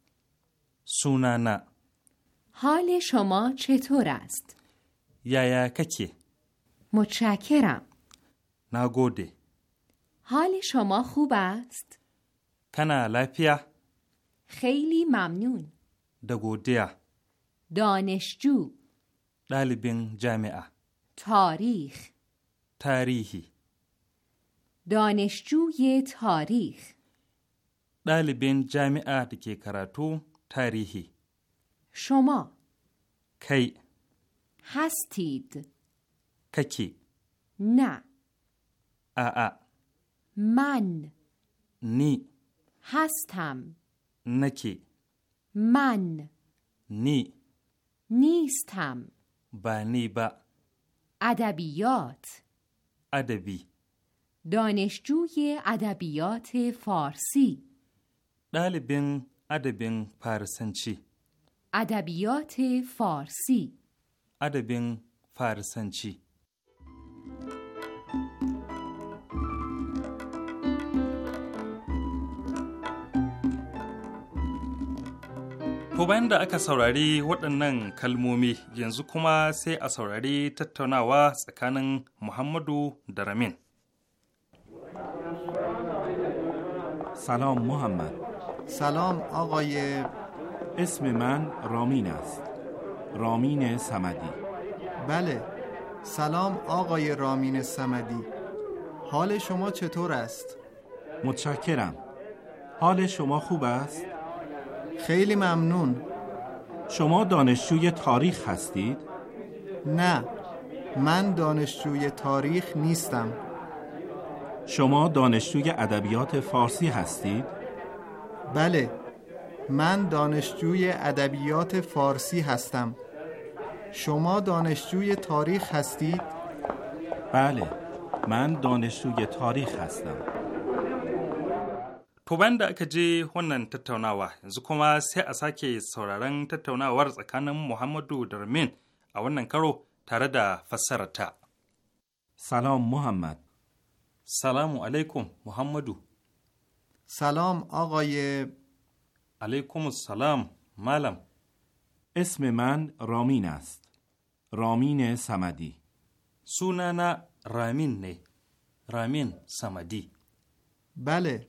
S3: سونانا
S5: حال شما چطور است؟
S3: یا ککی
S5: متشکرم
S3: نگوده
S5: حال شما خوب است؟
S3: کنا لپیه
S5: خیلی ممنون
S3: دگودیا
S5: دانشجو
S3: دالبین جامعه
S5: تاریخ
S3: تاریخی
S5: دانشجوی تاریخ
S3: دالبین جامعه دکی کراتو تاریخی
S5: شما کی هستید ککی نه آآ من نی هستم نکی من نی نیستم
S3: بانی با
S5: ادبیات ادبی دانشجوی ادبیات فارسی
S3: دالبین ادبین پارسنچی
S5: ادبیات فارسی
S3: ادبین فارسنچی To bayan da aka saurari waɗannan kalmomi yanzu kuma sai a saurari tattaunawa tsakanin
S6: سلام محمد سلام آقای اسم من رامین است رامین سمدی بله سلام آقای رامین سمدی حال شما چطور است؟ متشکرم حال شما خوب است؟ خیلی ممنون شما دانشجوی تاریخ هستید؟ نه من دانشجوی تاریخ نیستم شما دانشجوی ادبیات فارسی هستید؟ بله
S7: من دانشجوی ادبیات فارسی هستم شما دانشجوی تاریخ هستید؟
S6: بله من دانشجوی تاریخ هستم
S3: To bayan da aka je wannan tattaunawa yanzu kuma sai a sake sauraron tattaunawar tsakanin Muhammadu da a wannan karo tare da fassararta.
S6: Salam Muhammad.
S3: Salamu alaikum Muhammadu. Salam, Agaye. alaikum salam Malam. اسم من رامین است
S6: رامین سمدی سونانا رامین نه رامین سمدی بله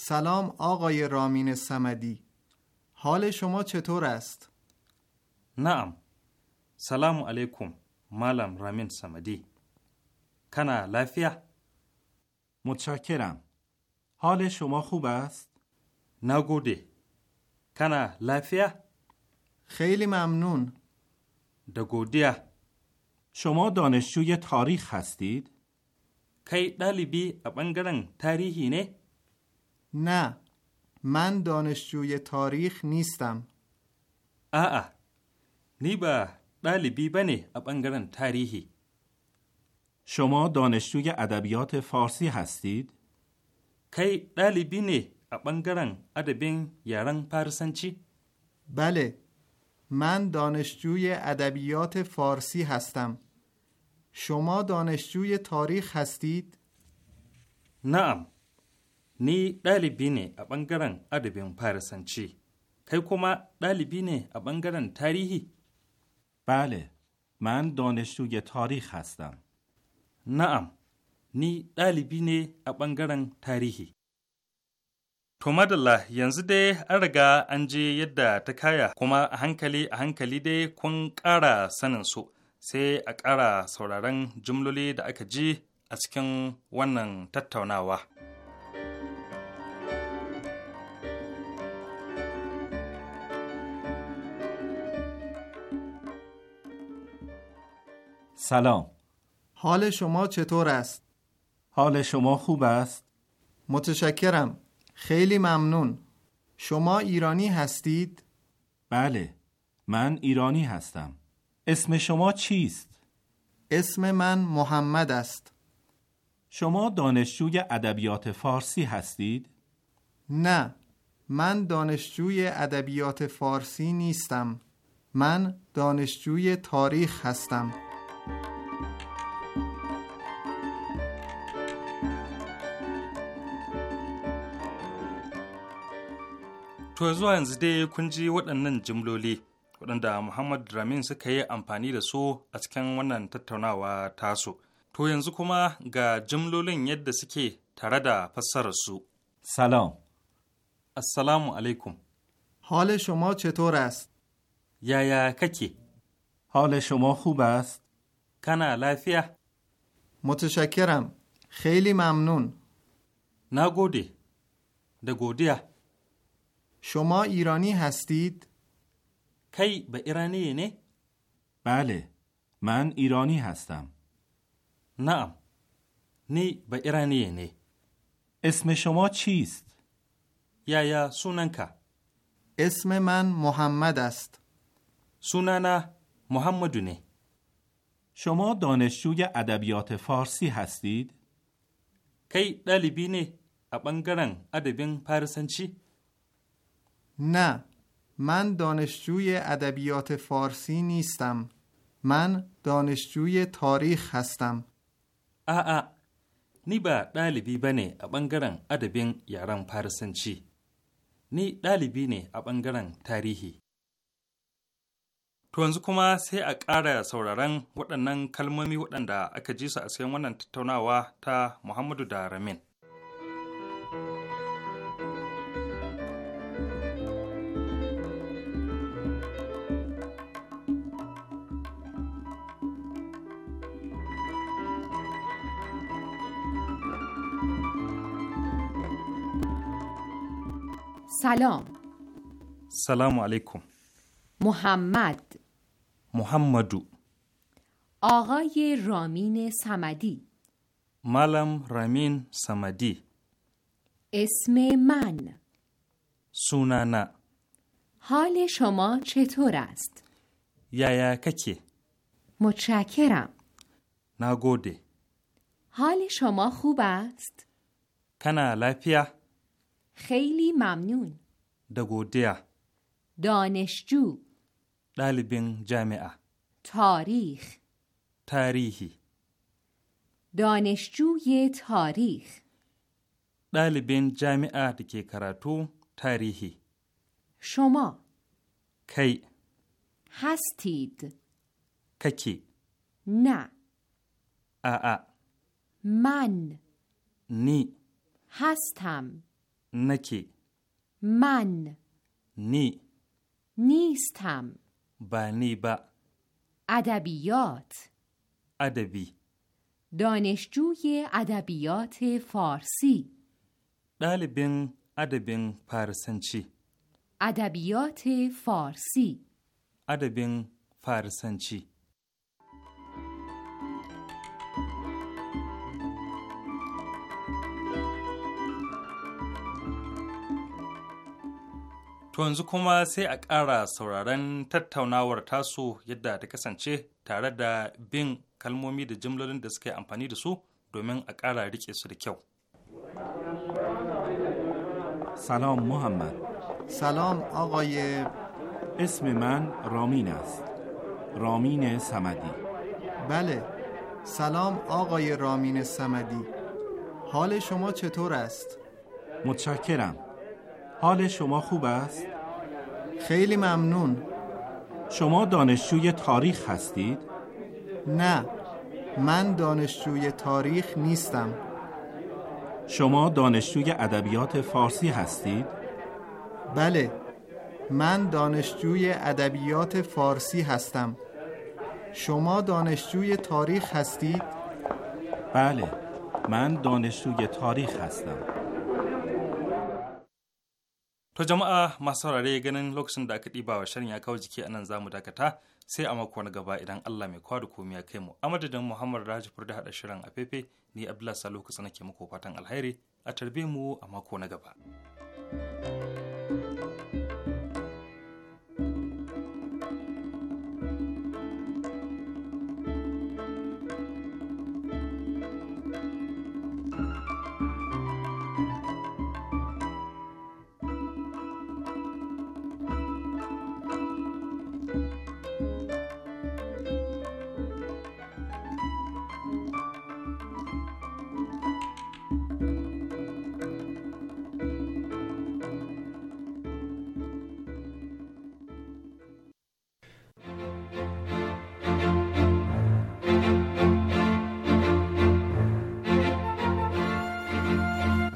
S6: سلام آقای رامین سمدی
S7: حال شما چطور است؟ نعم سلام
S3: علیکم مالم رامین سمدی کنا لافیه
S6: متشکرم حال شما خوب است؟ نگوده کنا لافیه خیلی ممنون دگودیه شما دانشجوی تاریخ هستید؟ کی دالی ا بنگرن تاریخی نه؟ نه من دانشجوی
S7: تاریخ نیستم
S3: آه نی با بلی بی بنی اب تاریحی. شما دانشجوی ادبیات فارسی هستید؟ کی ɗalibi ne ا ɓangaren ادبین یارن
S7: چی؟ بله من دانشجوی ادبیات فارسی هستم. شما دانشجوی تاریخ هستید؟
S3: نعم Ni ɗalibi ne a ɓangaren adabin Farisanci, kai kuma ɗalibi ne a ɓangaren tarihi? Bale, man دانشجوی tarihi hastan. na'am, ni ɗalibi ne a ɓangaren tarihi. To madalla yanzu dai an riga an je yadda ta kaya kuma a hankali a hankali dai kun ƙara sanin su sai a ƙara sauraron jimloli da aka ji a cikin wannan tattaunawa.
S6: سلام حال شما چطور است؟ حال شما خوب است؟ متشکرم خیلی ممنون شما ایرانی هستید؟ بله من ایرانی هستم اسم شما چیست؟ اسم من محمد است شما دانشجوی ادبیات فارسی هستید؟ نه من دانشجوی
S7: ادبیات فارسی نیستم من دانشجوی تاریخ هستم To zuwa
S3: yanzu dai kun ji waɗannan jimloli waɗanda Muhammad Dramin suka yi amfani da su a cikin wannan tattaunawa taso. To yanzu kuma ga jimlolin yadda suke tare da fassararsu. Salam. Assalamu alaikum.
S6: حال shoma چطور است؟ Yaya ککی حال شما خوب کنا لافیه متشکرم خیلی ممنون
S3: نگودی ده شما
S6: ایرانی هستید؟ کی به ایرانی نه؟ بله من ایرانی هستم نه نی به ایرانی
S3: نه اسم شما چیست؟ یا یا سوننکا
S6: اسم من محمد است سونانا محمدونه شما دانشجوی ادبیات فارسی هستید؟ کی دلیبی نه ابنگرن ادبین پرسنچی؟
S7: نه من دانشجوی ادبیات فارسی نیستم من دانشجوی تاریخ هستم
S3: آآ نی با دلیبی بنه ابنگرن ادبین یاران پرسنچی نی دلیبی نه ابنگرن تاریخی To yanzu kuma sai a ƙara sauraron waɗannan kalmomi waɗanda aka ji su a cikin wannan tattaunawa ta Muhammadu da Ramin. سلام سلام علیکم
S5: محمد
S3: محمدو
S5: آقای رامین سمدی
S3: ملم رامین سمدی
S5: اسم من
S3: سونانا
S5: حال شما چطور است؟
S3: یایا ککی
S5: متشکرم نگوده حال شما خوب است؟
S3: کنا لپیا
S5: خیلی ممنون
S3: دگودیا
S5: دانشجو
S3: دالبین جامعه
S5: تاریخ
S3: تاریخی
S5: دانشجوی تاریخ
S3: دالبین جامعه دکی کراتو تاریخی
S5: شما کی هستید ککی نه ا من نی هستم نکی من نی نیستم با با ادبیات ادبی دانشجوی ادبیات فارسی
S3: دالبین ادبین فارسنچی
S5: ادبیات فارسی
S3: ادبین فارسنچی To yanzu kuma sai a ƙara sauraron tattaunawar tasu yadda ta kasance tare da bin kalmomi da jimlolin da suka yi amfani da su domin a ƙara riƙe su da kyau.
S6: salam Muhammad. salam آقای اسم من رامین است رامین سمدی بله سلام آقای رامین سمدی حال شما چطور است؟ متشکرم حال شما خوب است؟ خیلی ممنون شما دانشجوی تاریخ هستید؟ نه من دانشجوی تاریخ نیستم شما دانشجوی ادبیات فارسی هستید؟ بله
S7: من دانشجوی ادبیات فارسی هستم شما دانشجوی تاریخ هستید؟
S6: بله من دانشجوی تاریخ هستم To jama'a masu saurare
S3: ganin lokacin da aka ɗiba wa shirin ya kawo jiki anan za mu dakata sai a mako na gaba idan Allah mai kwa da komi ya kai mu. A madadin Muhammad raji Furda haɗa shirin a fefe ni Abdullahi Salo kusa ke muku fatan alheri a tarbe mu a mako na gaba. thank you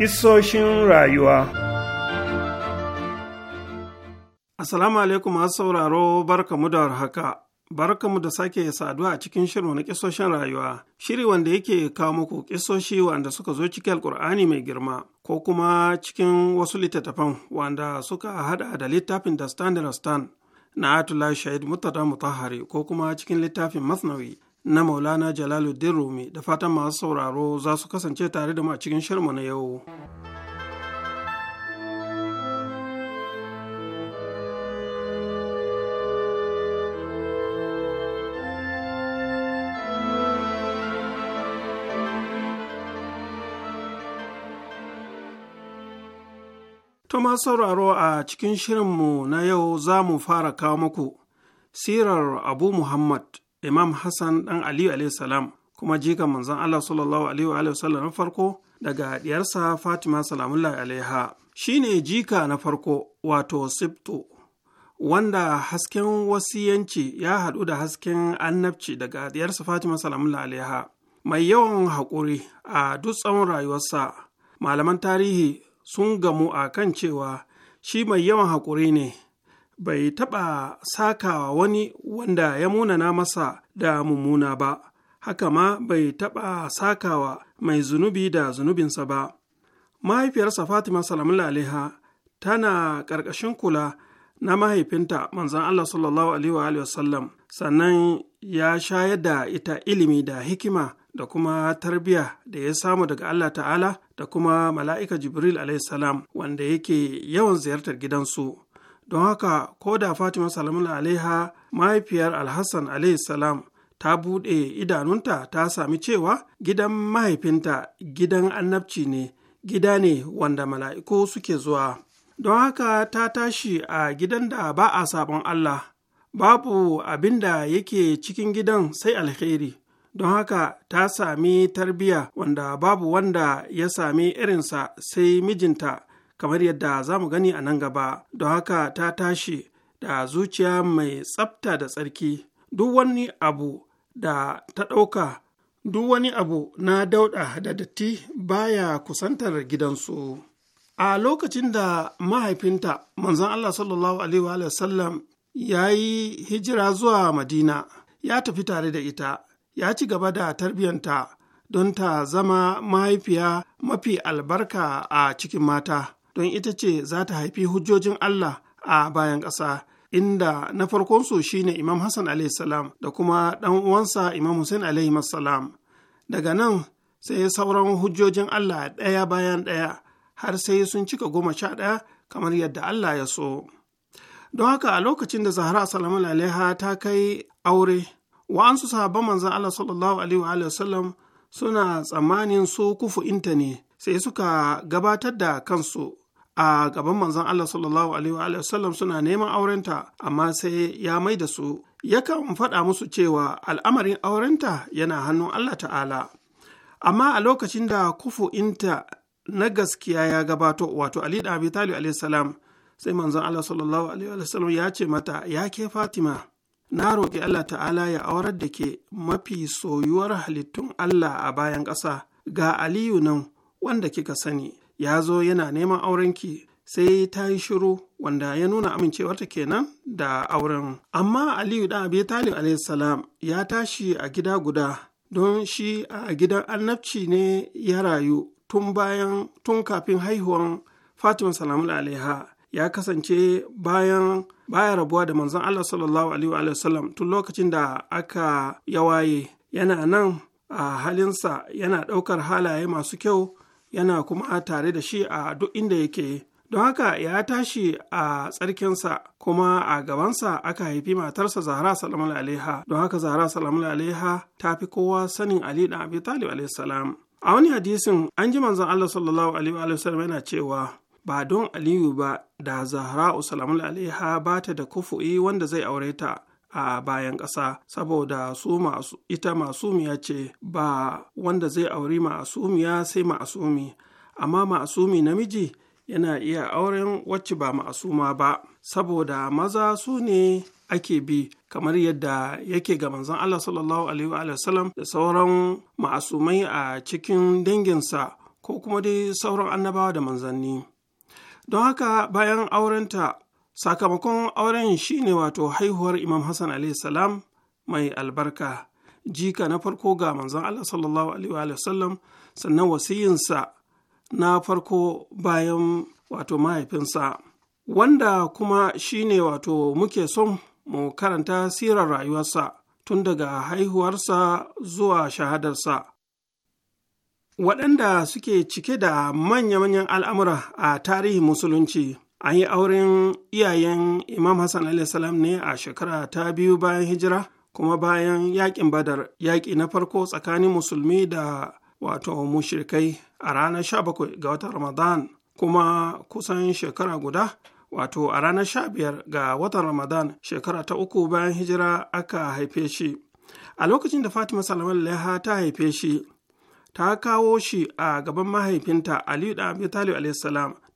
S1: Isoshin rayuwa Assalamu alaikum masu sauraro barkamu da warhaka. Barkamu da sake saduwa a cikin shirin na kisoshin rayuwa, shiri wanda yake kawo muku kisoshi wanda suka zo cikin alkur'ani mai girma, ko kuma cikin wasu littattafan wanda suka hada da littafin da stand na Atula Shahid Mutada Mutahari ko kuma cikin littafin Masnawi na Maulana Jalaluddin Rumi da fatan masu sauraro za su kasance tare da mu a cikin shirmu na yau. Tuma sauraro a cikin shirinmu na yau za mu fara kawo muku sirar Abu Muhammad imam hassan ɗan aliyu salam kuma Jika manzon allah sallallahu alaihi wa sallam na farko daga haɗiyarsa fatima salamullahi alaiha shine jika na farko wato sifto wanda hasken wasiyanci ya haɗu da hasken annabci daga haɗiyarsa fatima salamullahi alaiha mai yawan haƙuri a duk tsawon rayuwarsa malaman tarihi sun gamu a kan cewa shi mai yawan haƙuri ne bai taɓa sakawa wani wanda ya munana masa da mummuna ba, haka ma bai taɓa sakawa mai zunubi da zunubinsa ba. Mahaifiyarsa Fatima Salamullah Laliha tana ƙarƙashin kula na mahaifinta manzan Allah sallallahu Alaihi wasallam sannan ya shayar da ita ilimi da hikima da kuma tarbiyya da ya samu daga Allah ta'ala da kuma mala'ika Jibril salam wanda yake yawan ziyartar gidansu. don haka ko da fatima salamun alaiha mahaifiyar alhassan alaihi salam ta buɗe idanunta ta sami cewa gidan mahaifinta gidan annabci ne gida ne wanda mala'iku suke zuwa don haka ta tashi a gidan da ba a sabon allah babu abin da yake cikin gidan sai alheri don haka ta sami tarbiya wanda babu wanda ya sami irinsa sai mijinta kamar yadda za mu gani a nan gaba don haka ta tashi da zuciya mai tsafta da tsarki duk wani abu da ta ɗauka duk wani abu na dauɗa da datti baya kusantar gidansu a lokacin da mahaifinta manzon allah sallallahu alaihi wa sallam ya yi hijira zuwa madina ya tafi tare da ita ya ci gaba da tarbiyyanta don ta zama mahaifiya mafi albarka a cikin mata don ita ce za ta haifi hujjojin Allah a bayan ƙasa inda na farkonsu shine Imam Hassan salam da kuma ɗan uwansa Imam Hussein salam daga nan sai sauran hujjojin Allah ɗaya bayan ɗaya har sai sun cika goma sha ɗaya kamar yadda Allah ya so. Don haka a lokacin da Zahra salamu alaiha ta kai aure, wa'ansu sahabban manzan Allah sallallahu alaihi wa suna tsammanin su kufu inta ne sai suka gabatar da kansu a gaban manzon Allah sallallahu alaihi wa sallam suna neman aurenta amma sai ya mai da su yakan faɗa musu cewa al'amarin aurenta yana hannun Allah ta'ala amma a lokacin da kufu inta na gaskiya ya gabato wato Ali da Abi Talib alaihi salam sai manzon Allah sallallahu alaihi wa sallam ya ce mata ya ke Fatima na roƙi Allah ta'ala ya aurar da ke mafi soyuwar halittun Allah a bayan ƙasa ga Aliyu nan wanda kika sani ya zo yana neman aurenki sai ta yi shiru wanda ya nuna amincewarta kenan da auren amma aliyu da abi talib alaihissalam ya tashi a gida guda don shi a gidan annabci ne ya rayu tun bayan tun kafin haihuwan fatima salamu alaiha ya kasance bayan baya rabuwa da manzon allah sallallahu alaihi sallam tun lokacin da aka yawaye yana nan a halinsa yana ɗaukar halaye masu kyau yana kuma a tare da shi a duk inda yake don haka ya tashi a tsarkinsa kuma a gabansa aka haifi matarsa zahra salamu alaiha don haka zahra salamu alaiha ta fi kowa sanin ali da abi talib alaihi a wani hadisin an ji manzon allah sallallahu alaihi wa sallam yana cewa ba don aliyu ba da zahra salamu alaiha ba ta da kufu'i wanda zai aure ta a bayan ƙasa saboda su masu ita masumiya ce ba wanda zai auri ma'asumiya sai ma'asumi, amma ma'asumi namiji yana iya auren wacce ba ma'asuma ba saboda maza su ne ake bi kamar yadda yake ga manzon Allah sallallahu alaihi wa da sauran ma'asumai a cikin danginsa ko kuma dai sauran annabawa da manzanni. Don haka bayan aurenta sakamakon auren shine wato haihuwar imam hassan salam mai albarka jika na farko ga manzon allah sallallahu alaihi sallam sannan wasiyinsa na farko bayan wato mahaifinsa wanda kuma shine wato muke son mu karanta sirar rayuwarsa tun daga haihuwarsa zuwa shahadarsa waɗanda suke cike da manya-manyan al'amura a tarihin musulunci an yi auren iyayen imam hassan salam ne a shekara ta biyu bayan hijira kuma bayan yakin badar yaƙi na farko tsakanin musulmi da wato mushrikai a ranar 17 ga watan ramadan kuma kusan shekara guda wato a ranar 15 ga watan ramadan shekara ta uku bayan hijira aka haife shi a lokacin da fatima Salman laiha ta haife shi ta kawo shi a gaban mahaifinta aliyu da abu talib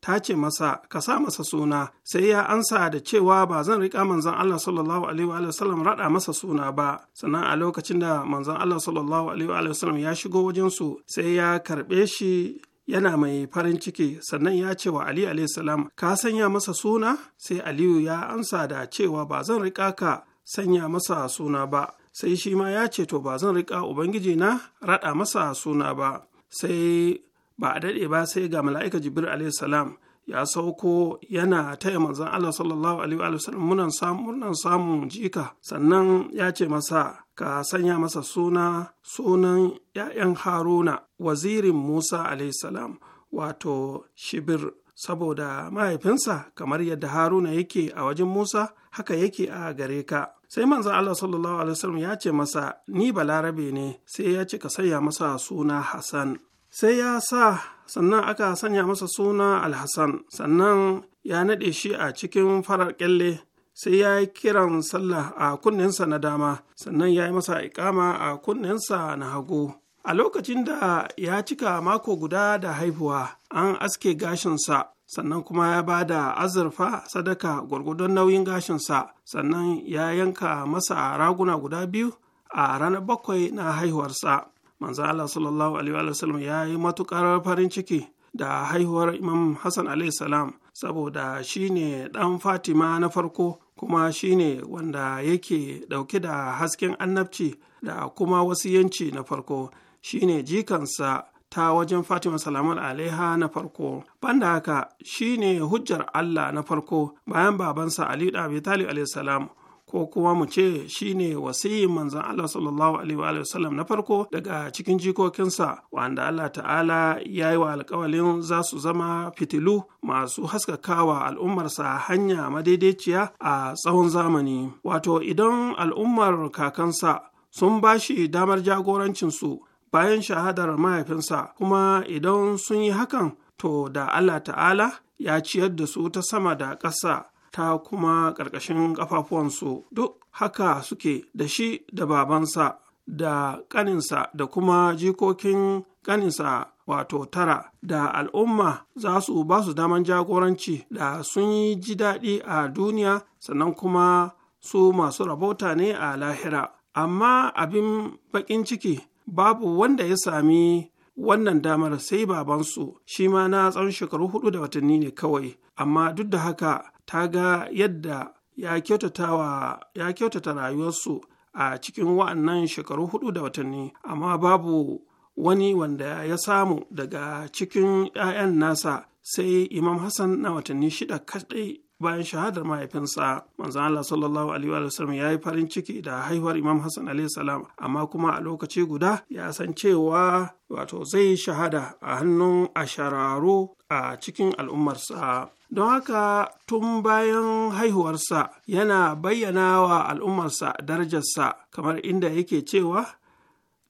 S1: ta ce masa ka sa masa suna sai ya ansa da cewa ba zan riƙa manzon Allah sallallahu alaihi wa sallam raɗa masa suna ba sannan a lokacin da manzon Allah sallallahu alaihi wa sallam ya shigo wajen su sai ya karɓe shi yana mai farin ciki sannan ya ce wa Ali alaihi salam ka sanya masa suna sai Aliyu ya ansa da cewa ba zan riƙa ka sanya masa suna ba sai shi ma ya ce to ba zan riƙa ubangiji na raɗa masa suna ba sai ba a daɗe ba sai ga mala'ika jibril alaihi salam ya sauko yana taya manzan Allah sallallahu alaihi wa sallam munan samun samun jika sannan ya ce masa ka sanya masa suna sunan ‘ya'yan haruna wazirin musa alaihi salam wato shibir saboda mahaifinsa kamar yadda haruna yake a wajen musa haka yake a gare ka sai manzan Allah sallallahu alaihi sallam ya ce masa ni balarabe ne sai ya ce ka sanya masa suna Hassan sai ya sa sannan aka sanya masa suna alhassan sannan ya naɗe shi a cikin farar kyalle sai ya yi kiran sallah a kunninsa na dama sannan ya yi masa ikama a kunninsa na hagu a lokacin da ya cika mako guda da haihuwa an aske gashinsa sannan kuma ya ba da azurfa sadaka gwargwadon nauyin gashinsa sannan ya yanka masa raguna guda biyu a ranar bakwai na haihuwarsa manzo Allah sallallahu alaihi sallam ya yi matukar farin ciki da haihuwar Imam Hassan alaihi salam saboda shine dan Fatima na farko kuma shine wanda yake dauke da hasken annabci da kuma wasu yanci na farko shine jikansa ta wajen Fatima salamun alaiha na farko. Banda haka shine hujjar Allah na farko bayan babansa Ali da Abi Talib alaihi salam ko kuma mu ce shi ne wasiyin manzon Allah sallallahu alaihi wa sallam na farko daga cikin jikokinsa wanda Allah ta'ala ya yi wa alkawalin za su zama fitilu masu haskakawa al'ummarsa hanya madaidaiciya a tsawon zamani wato idan al'ummar kakansa sun ba shi damar jagorancinsu bayan shahadar mahaifinsa kuma idan sun yi hakan to da Allah ta'ala ya ciyar da su ta sama da ƙasa ta kuma ƙarƙashin ƙafafuwansu duk haka suke da shi da babansa da ƙaninsa da kuma jikokin ƙaninsa wato tara da al'umma za su ba su daman jagoranci da sun yi ji daɗi a duniya sannan kuma su masu rabota ne a lahira amma abin baƙin ciki babu wanda ya sami wannan damar sai babansu shi ma na tsawon shekaru hudu da watanni ne kawai amma duk da haka ta ga yadda ya kyautata rayuwarsu a cikin wa'annan shekaru hudu da watanni amma babu wani wanda ya samu daga cikin 'ya'yan nasa sai imam hassan na watanni shida kaɗai bayan shahadar mahaifinsa manzan Allah sallallahu alaihi wa sallam ya yi farin ciki da haihuwar Imam Hassan alaihi salam amma kuma a lokaci guda ya san cewa wato zai shahada a hannun ashararu a cikin al'ummarsa don haka tun bayan haihuwarsa yana bayyana wa al'ummarsa darajarsa kamar inda yake cewa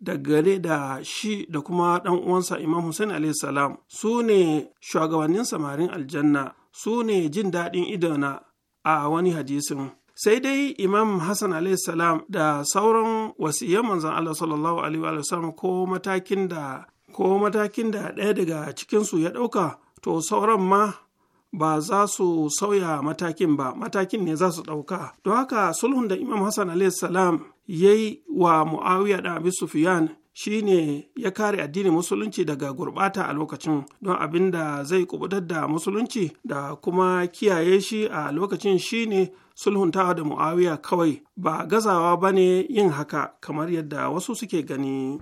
S1: daggare da shi da kuma ɗan uwansa imam hussein salam su ne shugabannin samarin aljanna su ne jin daɗin idona a wani hadisin sai dai imam hassan salam da sauran wasiyan manzan allah sallallahu alaihi wasallam ko ko matakin da ɗaya daga cikinsu ya ɗauka to sauran ma ba za su sauya matakin ba matakin ne za su ɗauka don haka sulhun da imam hassan salam ya yi wa muawiya da abi sufiyan ne ya kare addinin musulunci daga gurɓata a lokacin don abin da zai kubutar da musulunci da kuma kiyaye shi a lokacin shi shine sulhuntawa da muawiya kawai ba gazawa ba ne yin haka kamar yadda wasu suke gani.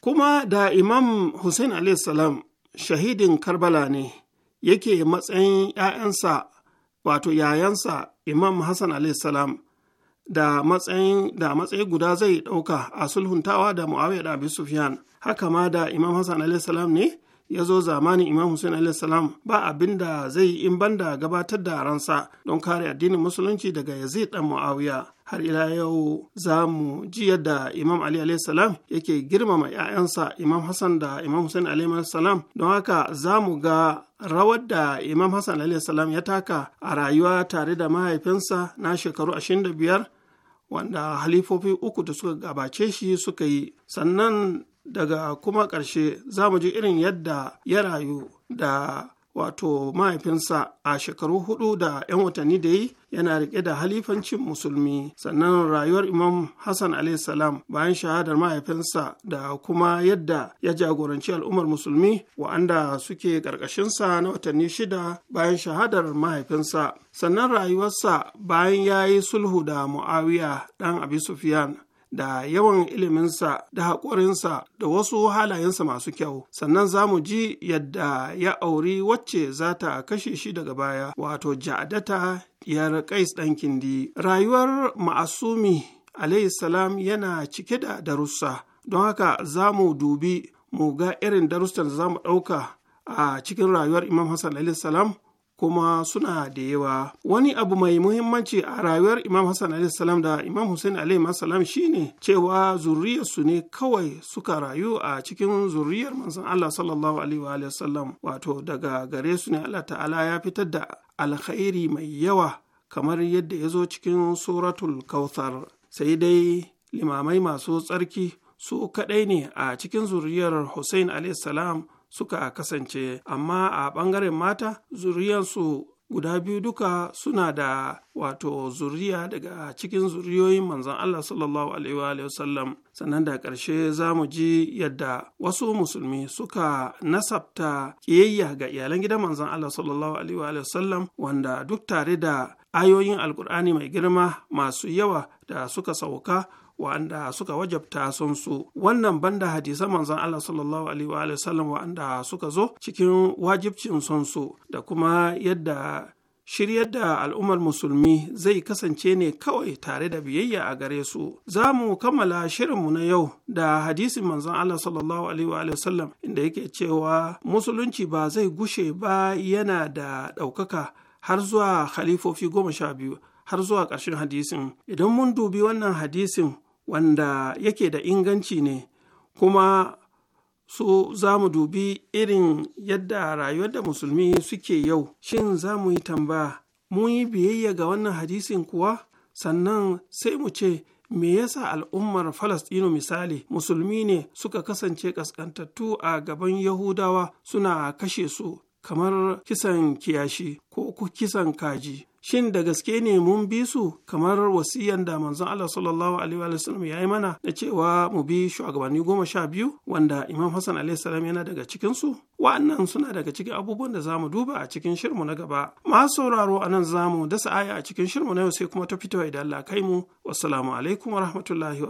S1: kuma da imam hussein salam shahidin karbala ne yake matsayin ‘ya'yansa wato yayansa imam hassan salam da matsayin da matsayi guda zai ɗauka a sulhuntawa da muawiya da abu sufyan haka ma da imam hassan salam ne ya zo zamanin imam hussein salam ba abin da zai yi in banda gabatar da ransa don kare addinin musulunci daga yazid dan muawiya har ila yau za mu ji yadda imam ali salam yake girmama 'ya'yansa imam hassan da imam hussein salam don haka za mu ga rawar da imam hassan salam ya taka a rayuwa tare da mahaifinsa na shekaru 25 wanda halifofi uku da suka gabace shi suka yi sannan daga kuma ƙarshe za mu ji irin yadda ya rayu da wato mahaifinsa a shekaru hudu da 'yan watanni da yi yana rike da halifancin musulmi sannan rayuwar imam hassan salam bayan shahadar mahaifinsa da kuma yadda ya jagoranci al'ummar musulmi wa'anda suke ƙarƙashinsa na watanni shida bayan shahadar mahaifinsa sannan rayuwarsa bayan ya yi sulhu da mu'awiya ɗan abi sufyan da yawan iliminsa da haƙorinsa da wasu halayensa masu kyau sannan za mu ji yadda ya auri wacce za ta kashe shi daga baya wato ja'adata diyar kais ɗan Kindi. Rayuwar ma'asumi alayhi salam yana cike da darussa, don haka za mu dubi mu ga irin darussan da za mu ɗauka a cikin rayuwar Imam Hassan alayhi salam kuma suna da yawa wani abu mai muhimmanci a rayuwar imam hassan alaihi salam da imam hussein alaihi salam shine cewa zuriyarsu ne kawai suka rayu a cikin zuriyar manzon allah sallallahu alaihi wa sallam wato daga gare su ne allah ta'ala ya fitar da alkhairi mai yawa kamar yadda ya zo cikin suratul kautsar sai dai limamai masu tsarki su kaɗai ne a cikin zuriyar hussein alaihi salam suka kasance amma a ɓangaren mata zuriyansu guda biyu duka suna da wato zuriya daga cikin zuriyoyin manzon Allah sallallahu alaihi wasallam sannan da ƙarshe za mu ji yadda wasu musulmi suka nasabta kiyayya ga iyalan gidan manzon Allah sallallahu alaihi wanda duk tare da ayoyin alkur'ani mai girma masu yawa da suka sauka wa'anda suka wajabta son su wannan banda hadisan manzon Allah sallallahu alaihi wa sallam wa'anda suka zo cikin wajibcin son su da kuma yadda shiryar da al'ummar musulmi zai kasance ne kawai tare da biyayya a gare su za mu kammala shirinmu na yau da hadisin manzon Allah sallallahu alaihi wa sallam inda yake cewa musulunci ba zai gushe ba yana da ɗaukaka har zuwa khalifofi goma sha biyu har zuwa ƙarshen hadisin idan mun dubi wannan hadisin wanda yake da inganci ne kuma su zamu dubi irin yadda rayuwar da musulmi suke yau shin za mu yi tambaya mun yi biyayya ga wannan hadisin kuwa sannan sai mu ce me yasa al'ummar Falasɗinu misali musulmi ne suka kasance kaskantattu a gaban yahudawa suna kashe su kamar kisan kiyashi ko kisan kaji shin da gaske ne mun bi su kamar wasiyan da manzon Allah sallallahu alaihi wa sallam ya yi mana da cewa mu bi shugabanni goma sha biyu wanda Imam Hassan alaihi salam yana daga cikin su wa'annan suna daga cikin abubuwan da zamu duba a cikin shirmu na gaba ma sauraro a nan zamu dasa aya a cikin shirmu na yau sai kuma ta fito idan Allah kai mu wassalamu alaikum wa rahmatullahi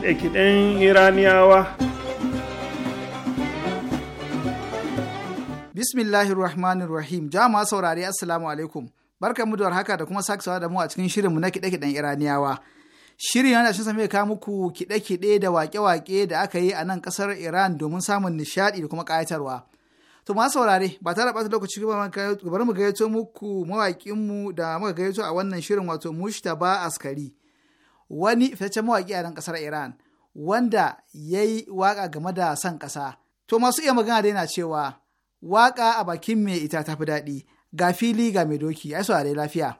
S1: kiɗe-kiɗen iraniyawa
S8: bismillahir rahmanir rahim jama'a saurari assalamu alaikum barka mu da warhaka da kuma sake da mu a cikin shirinmu na kiɗe-kiɗen iraniyawa shirin yana shi same ka muku kiɗe-kiɗe da waƙe-waƙe da aka yi a nan ƙasar iran domin samun nishaɗi da kuma ƙayatarwa To ma saurare ba tare ɓata lokaci bari mu gayyato muku mawaƙinmu da muka gayyato a wannan shirin wato Mushtaba Askari wani fitaccen mawaƙi a nan ƙasar Iran wanda ya yi waƙa game da son ƙasa. To masu iya magana dai na cewa waƙa a bakin mai ita ta fi daɗi ga fili ga mai doki ai saurare lafiya.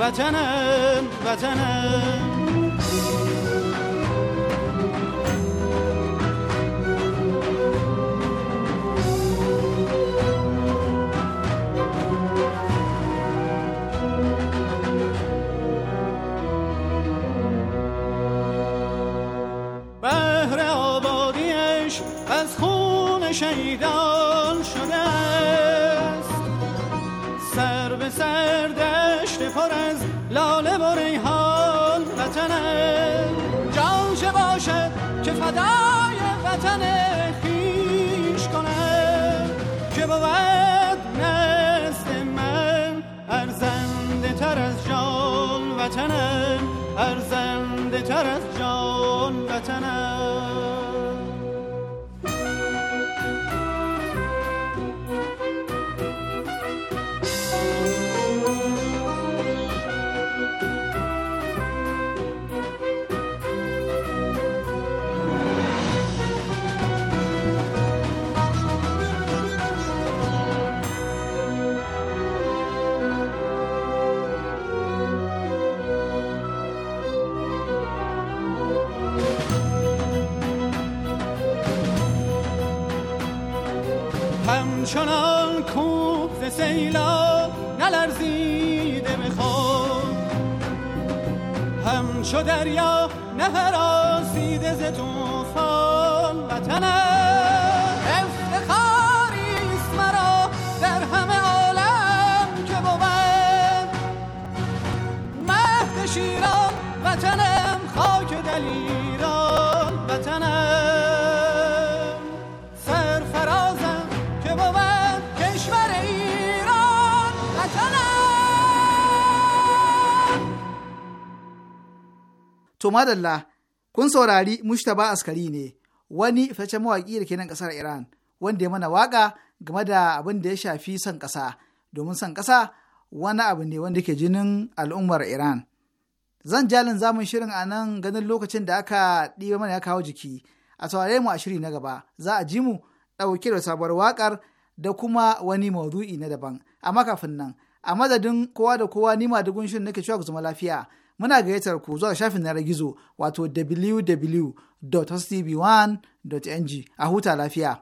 S9: وطنم وطنم
S8: To madalla kun saurari Mushtaba Askari ne wani fitaccen mawaƙi da ke nan ƙasar Iran wanda ya mana waƙa game da abin da ya shafi son ƙasa domin son ƙasa wani abu ne wanda ke jinin al'ummar Iran. Zan jalin zamun shirin a nan ganin lokacin da aka ɗiba mana ya kawo jiki a saurare mu a shiri na gaba za a ji mu ɗauke da sabuwar waƙar da kuma wani maudu'i na daban amma kafin nan a madadin kowa da kowa ni ma gunshin shirin nake cewa ku zama lafiya muna gayyatar ku zuwa shafin na gizo wato www.hostv1.ng a huta lafiya.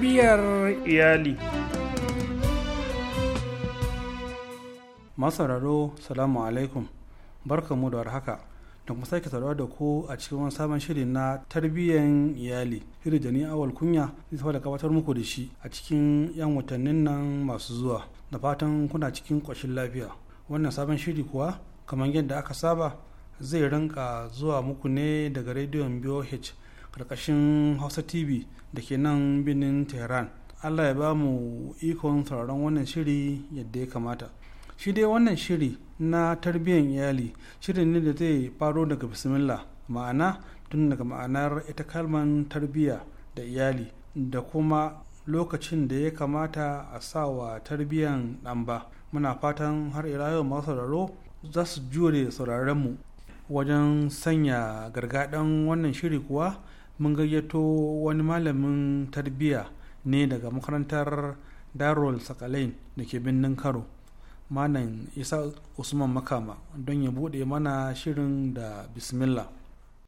S2: tarbiyyar iyali
S10: masararo salamu alaikum mu da warhaka da kuma sake saurara da ku a cikin wani sabon shirin na tarbiyyar iyali shiri da ni awal kunya zai da gabatar muku da shi a cikin yan watannin nan masu zuwa da fatan kuna cikin ƙoshin lafiya wannan sabon shiri kuwa kamar yadda aka saba zai rinka zuwa muku ne daga rediyon BOH karkashin hausa tv da ke nan birnin tehran allah ya ba mu ikon sauraron wannan shiri yadda ya kamata shi dai wannan shiri na tarbiyyar iyali shirin ne da zai faro daga bismillah ma'ana tun daga ma'anar ita kalman tarbiyya da iyali da kuma lokacin da ya kamata a sa wa tarbiyyan ɗan ba muna fatan har ila yau masu sauraro za su jure sauraronmu wajen sanya gargaɗin wannan shiri kuwa mun gayyato wani malamin tarbiyya ne daga makarantar darul sakalain da ke birnin karo manan isa usman makama don ya bude mana shirin da bismillah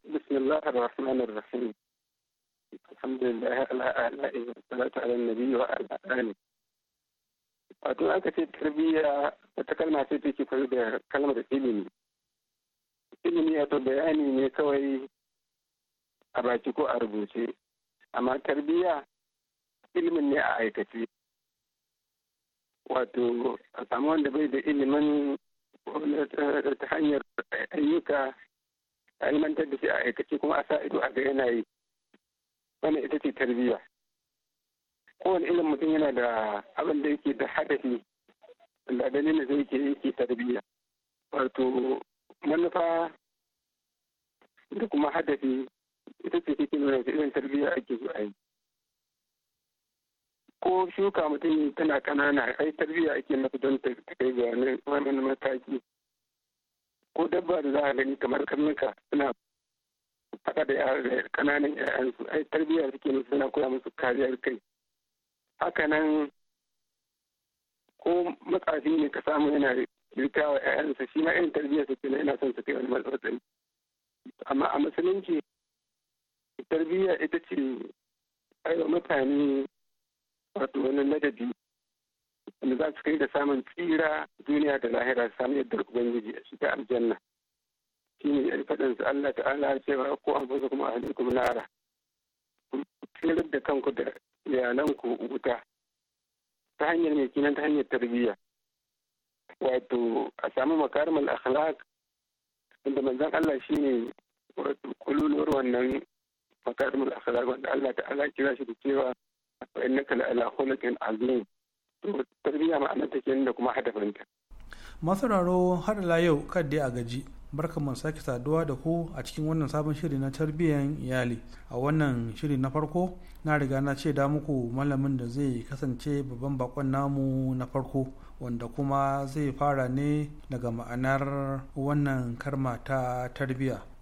S11: bismillah ar-rahman ar-rahim alhamdulillah ala salatu ala nabi wa ala wato aka ce tarbiyya wata kalma ce take koyo da kalmar ilimi ilimi to bayani ne kawai a baki ko a rubuce amma tarbiyya ilimin ne a aikace wato a samu wanda bai da ilimin eh, ta hanyar ayyuka a ilimantar da shi a aikace kuma a sa ido a ga yanayi. yi wannan ita ce tarbiyya kowane ilimin mutum yana da abin da yake da hadafi da dalilin da ke yake tarbiyya wato manufa da kuma hadafi ita ce take nuna irin tarbiyya ake so yi ko shuka mutum tana kanana ai tarbiyya ake masa don ta kai ga wani mataki ko dabba da za a gani kamar karnuka suna faɗa da ƙananan 'ya'yansu ai tarbiyya suke musu suna koya musu kariyar kai haka nan ko matsafi ne ka samu yana rikawa ƴaƴansa 'ya'yansa shi ma irin tarbiyya su kenan yana son su kai wani matsatsai amma a musulunci tarbiyya ita ce aiwa mutane wato wani ladabi wanda za su kai da samun tsira duniya da lahira su samu yadda ubangiji a shiga aljanna shi ne yan faɗin su Allah ta'ala cewa ko an fasa kuma a halittu nara tsirar da kanku da iyalanku wuta ta hanyar mai kinan ta hanyar tarbiyya wato a samu makarimar akhlaq inda manzan Allah shi ne wato kululuwar wannan makarimul akhlaq wanda Allah ta'ala kira shi da cewa fa innaka la ala khuluqin azim to tarbiyya ma'anar take da kuma hadafinta
S10: masararo har la yau kan dai a gaji barkamu sake saduwa da ku a cikin wannan sabon shiri na tarbiyyar iyali a wannan shiri na farko na riga na ce da muku malamin da zai kasance babban bakon namu na farko wanda kuma zai fara ne daga ma'anar wannan karma ta tarbiyya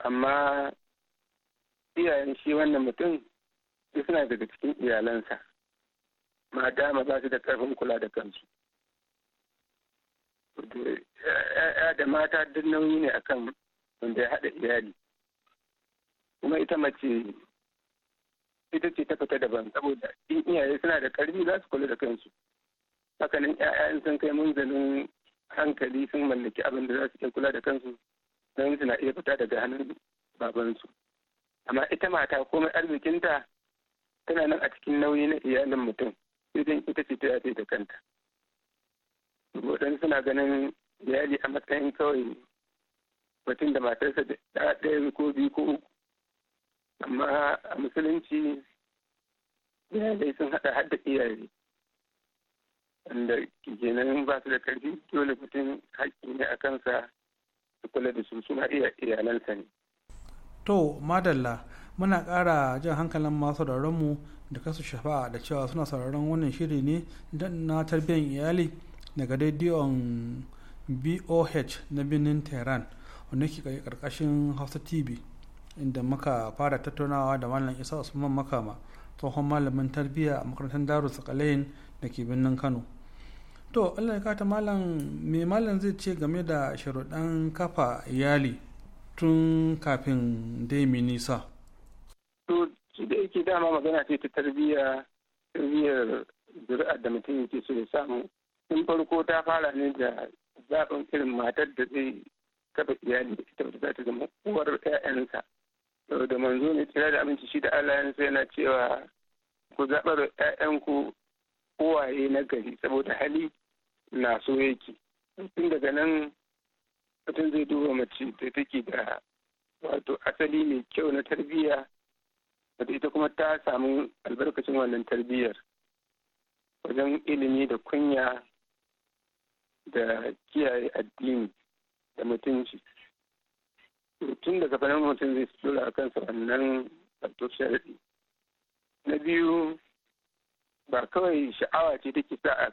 S11: amma iyayen shi wannan mutum duk suna daga cikin iyalansa mata maza su da karfin kula da kansu ya da mata duk nauyi ne akan wanda ya haɗa iyali kuma ita mace ita ce ta fita daban saboda in iyaye suna da ƙarfi za su kula da kansu hakanan 'ya'yan sun kai munzalin hankali sun mallaki abin da za su iya kula da kansu namiji na iya fita daga hannun babansu amma ita mata komai arzikinta tana nan a cikin nauyi na iyalin mutum idan ita ce ta yafe da kanta waɗansu suna ganin iyali a matsayin kawai mutum da matarsa da ɗaya ko biyu ko uku amma a musulunci iyalai sun haɗa har da iyaye wanda kenan ba su da ƙarfi dole mutum haƙƙi ne a kansa su kula da su suna iya iyalansa ne.
S10: To, madalla, muna ƙara jan hankalin masu mu da kasu shafa'a da cewa suna sauraron wannan shiri ne na tarbiyyar iyali daga rediyon BOH na birnin Tehran wanda ke karkashin Hausa TV inda muka fara tattaunawa da Malam Isa Usman Makama tsohon malamin tarbiyya a makarantar Darus Kalayin da ke birnin Kano. to allah ka ta malam me malam zai ce game da sharuɗan kafa iyali tun kafin dai mi nisa
S11: to shi da yake dama magana ce ta tarbiyya tarbiyyar zuri'ar da mutum yake so ya samu in farko ta fara ne da zaɓin irin matar da zai kafa iyali da ita wata za ta zama uwar 'ya'yansa da manzo ne tsira da abinci shi da Allah yansa yana cewa ku zaɓar 'ya'yanku uwaye na gari saboda hali na so yake tun daga nan mutum zai duba mace da take da wato asali mai kyau na tarbiyya wata ita kuma ta samu albarkacin wannan tarbiyyar wajen ilimi da kunya da kiyaye addini da mutunci tun daga fanar mutum zai tura a kansa wannan wato sharaɗi na biyu ba kawai sha'awa ce take sa a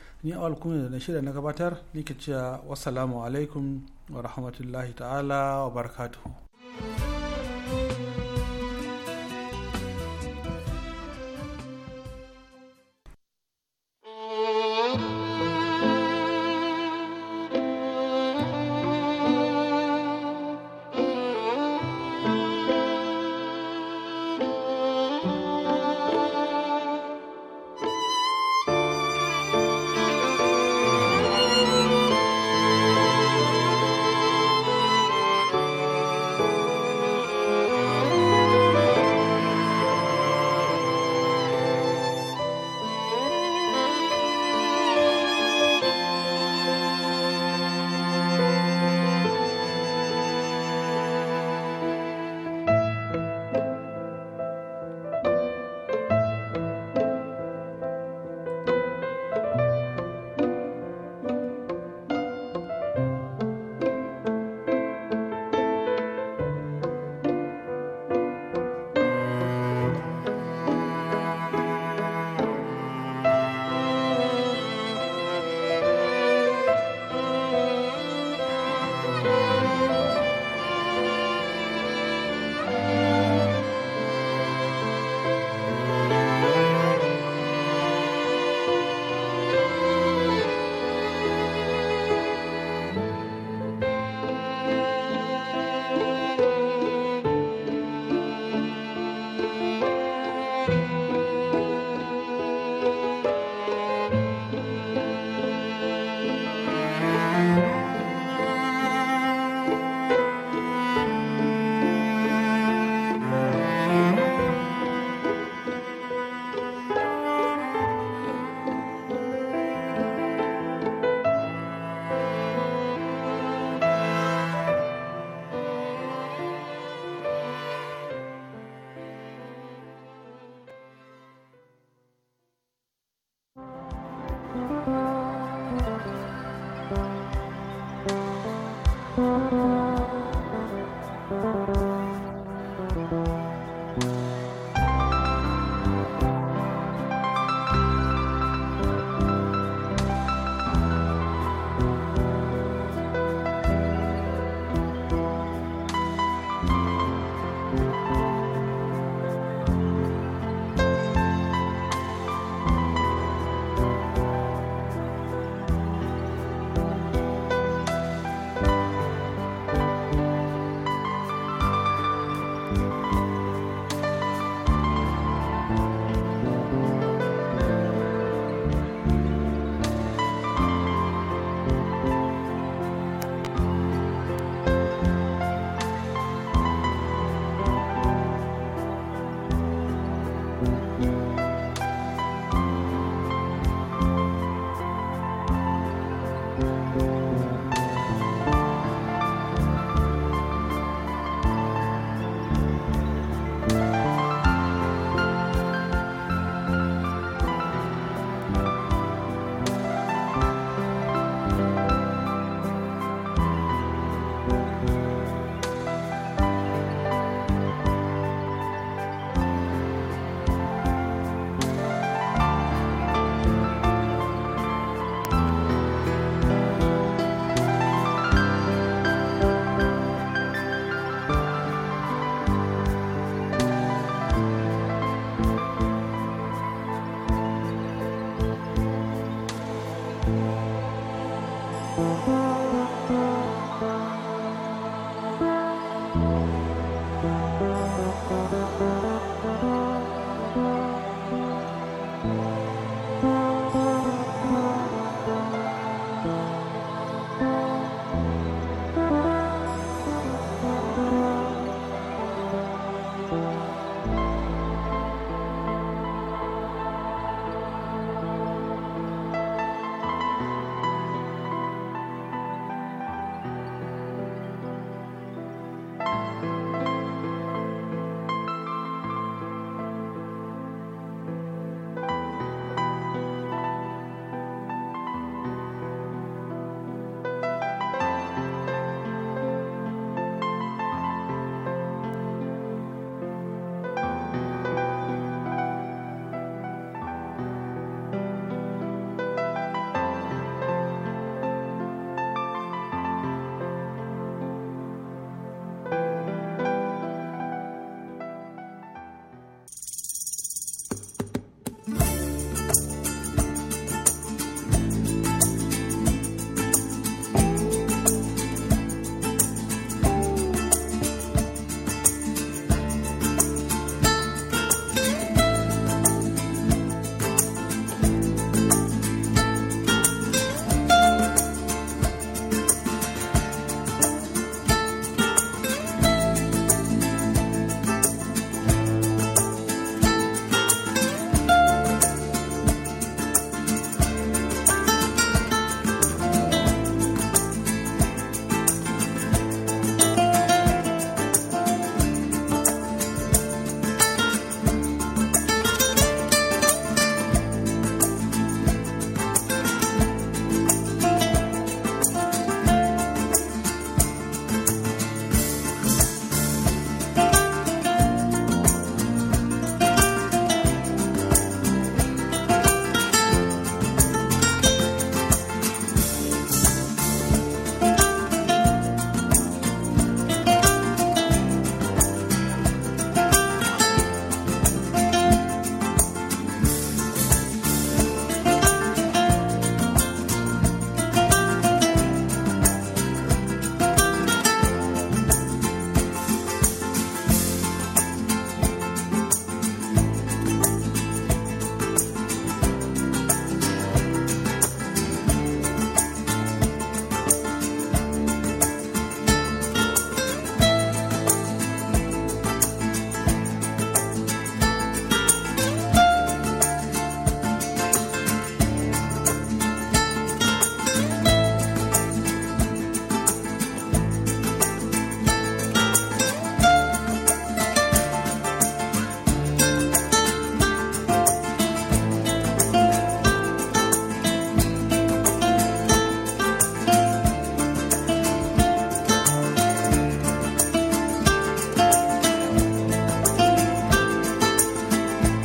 S10: ni awal kuma da na shirya na gabatar nake cewa wassalamu alaikum wa rahmatullahi ta'ala wa barakatuhu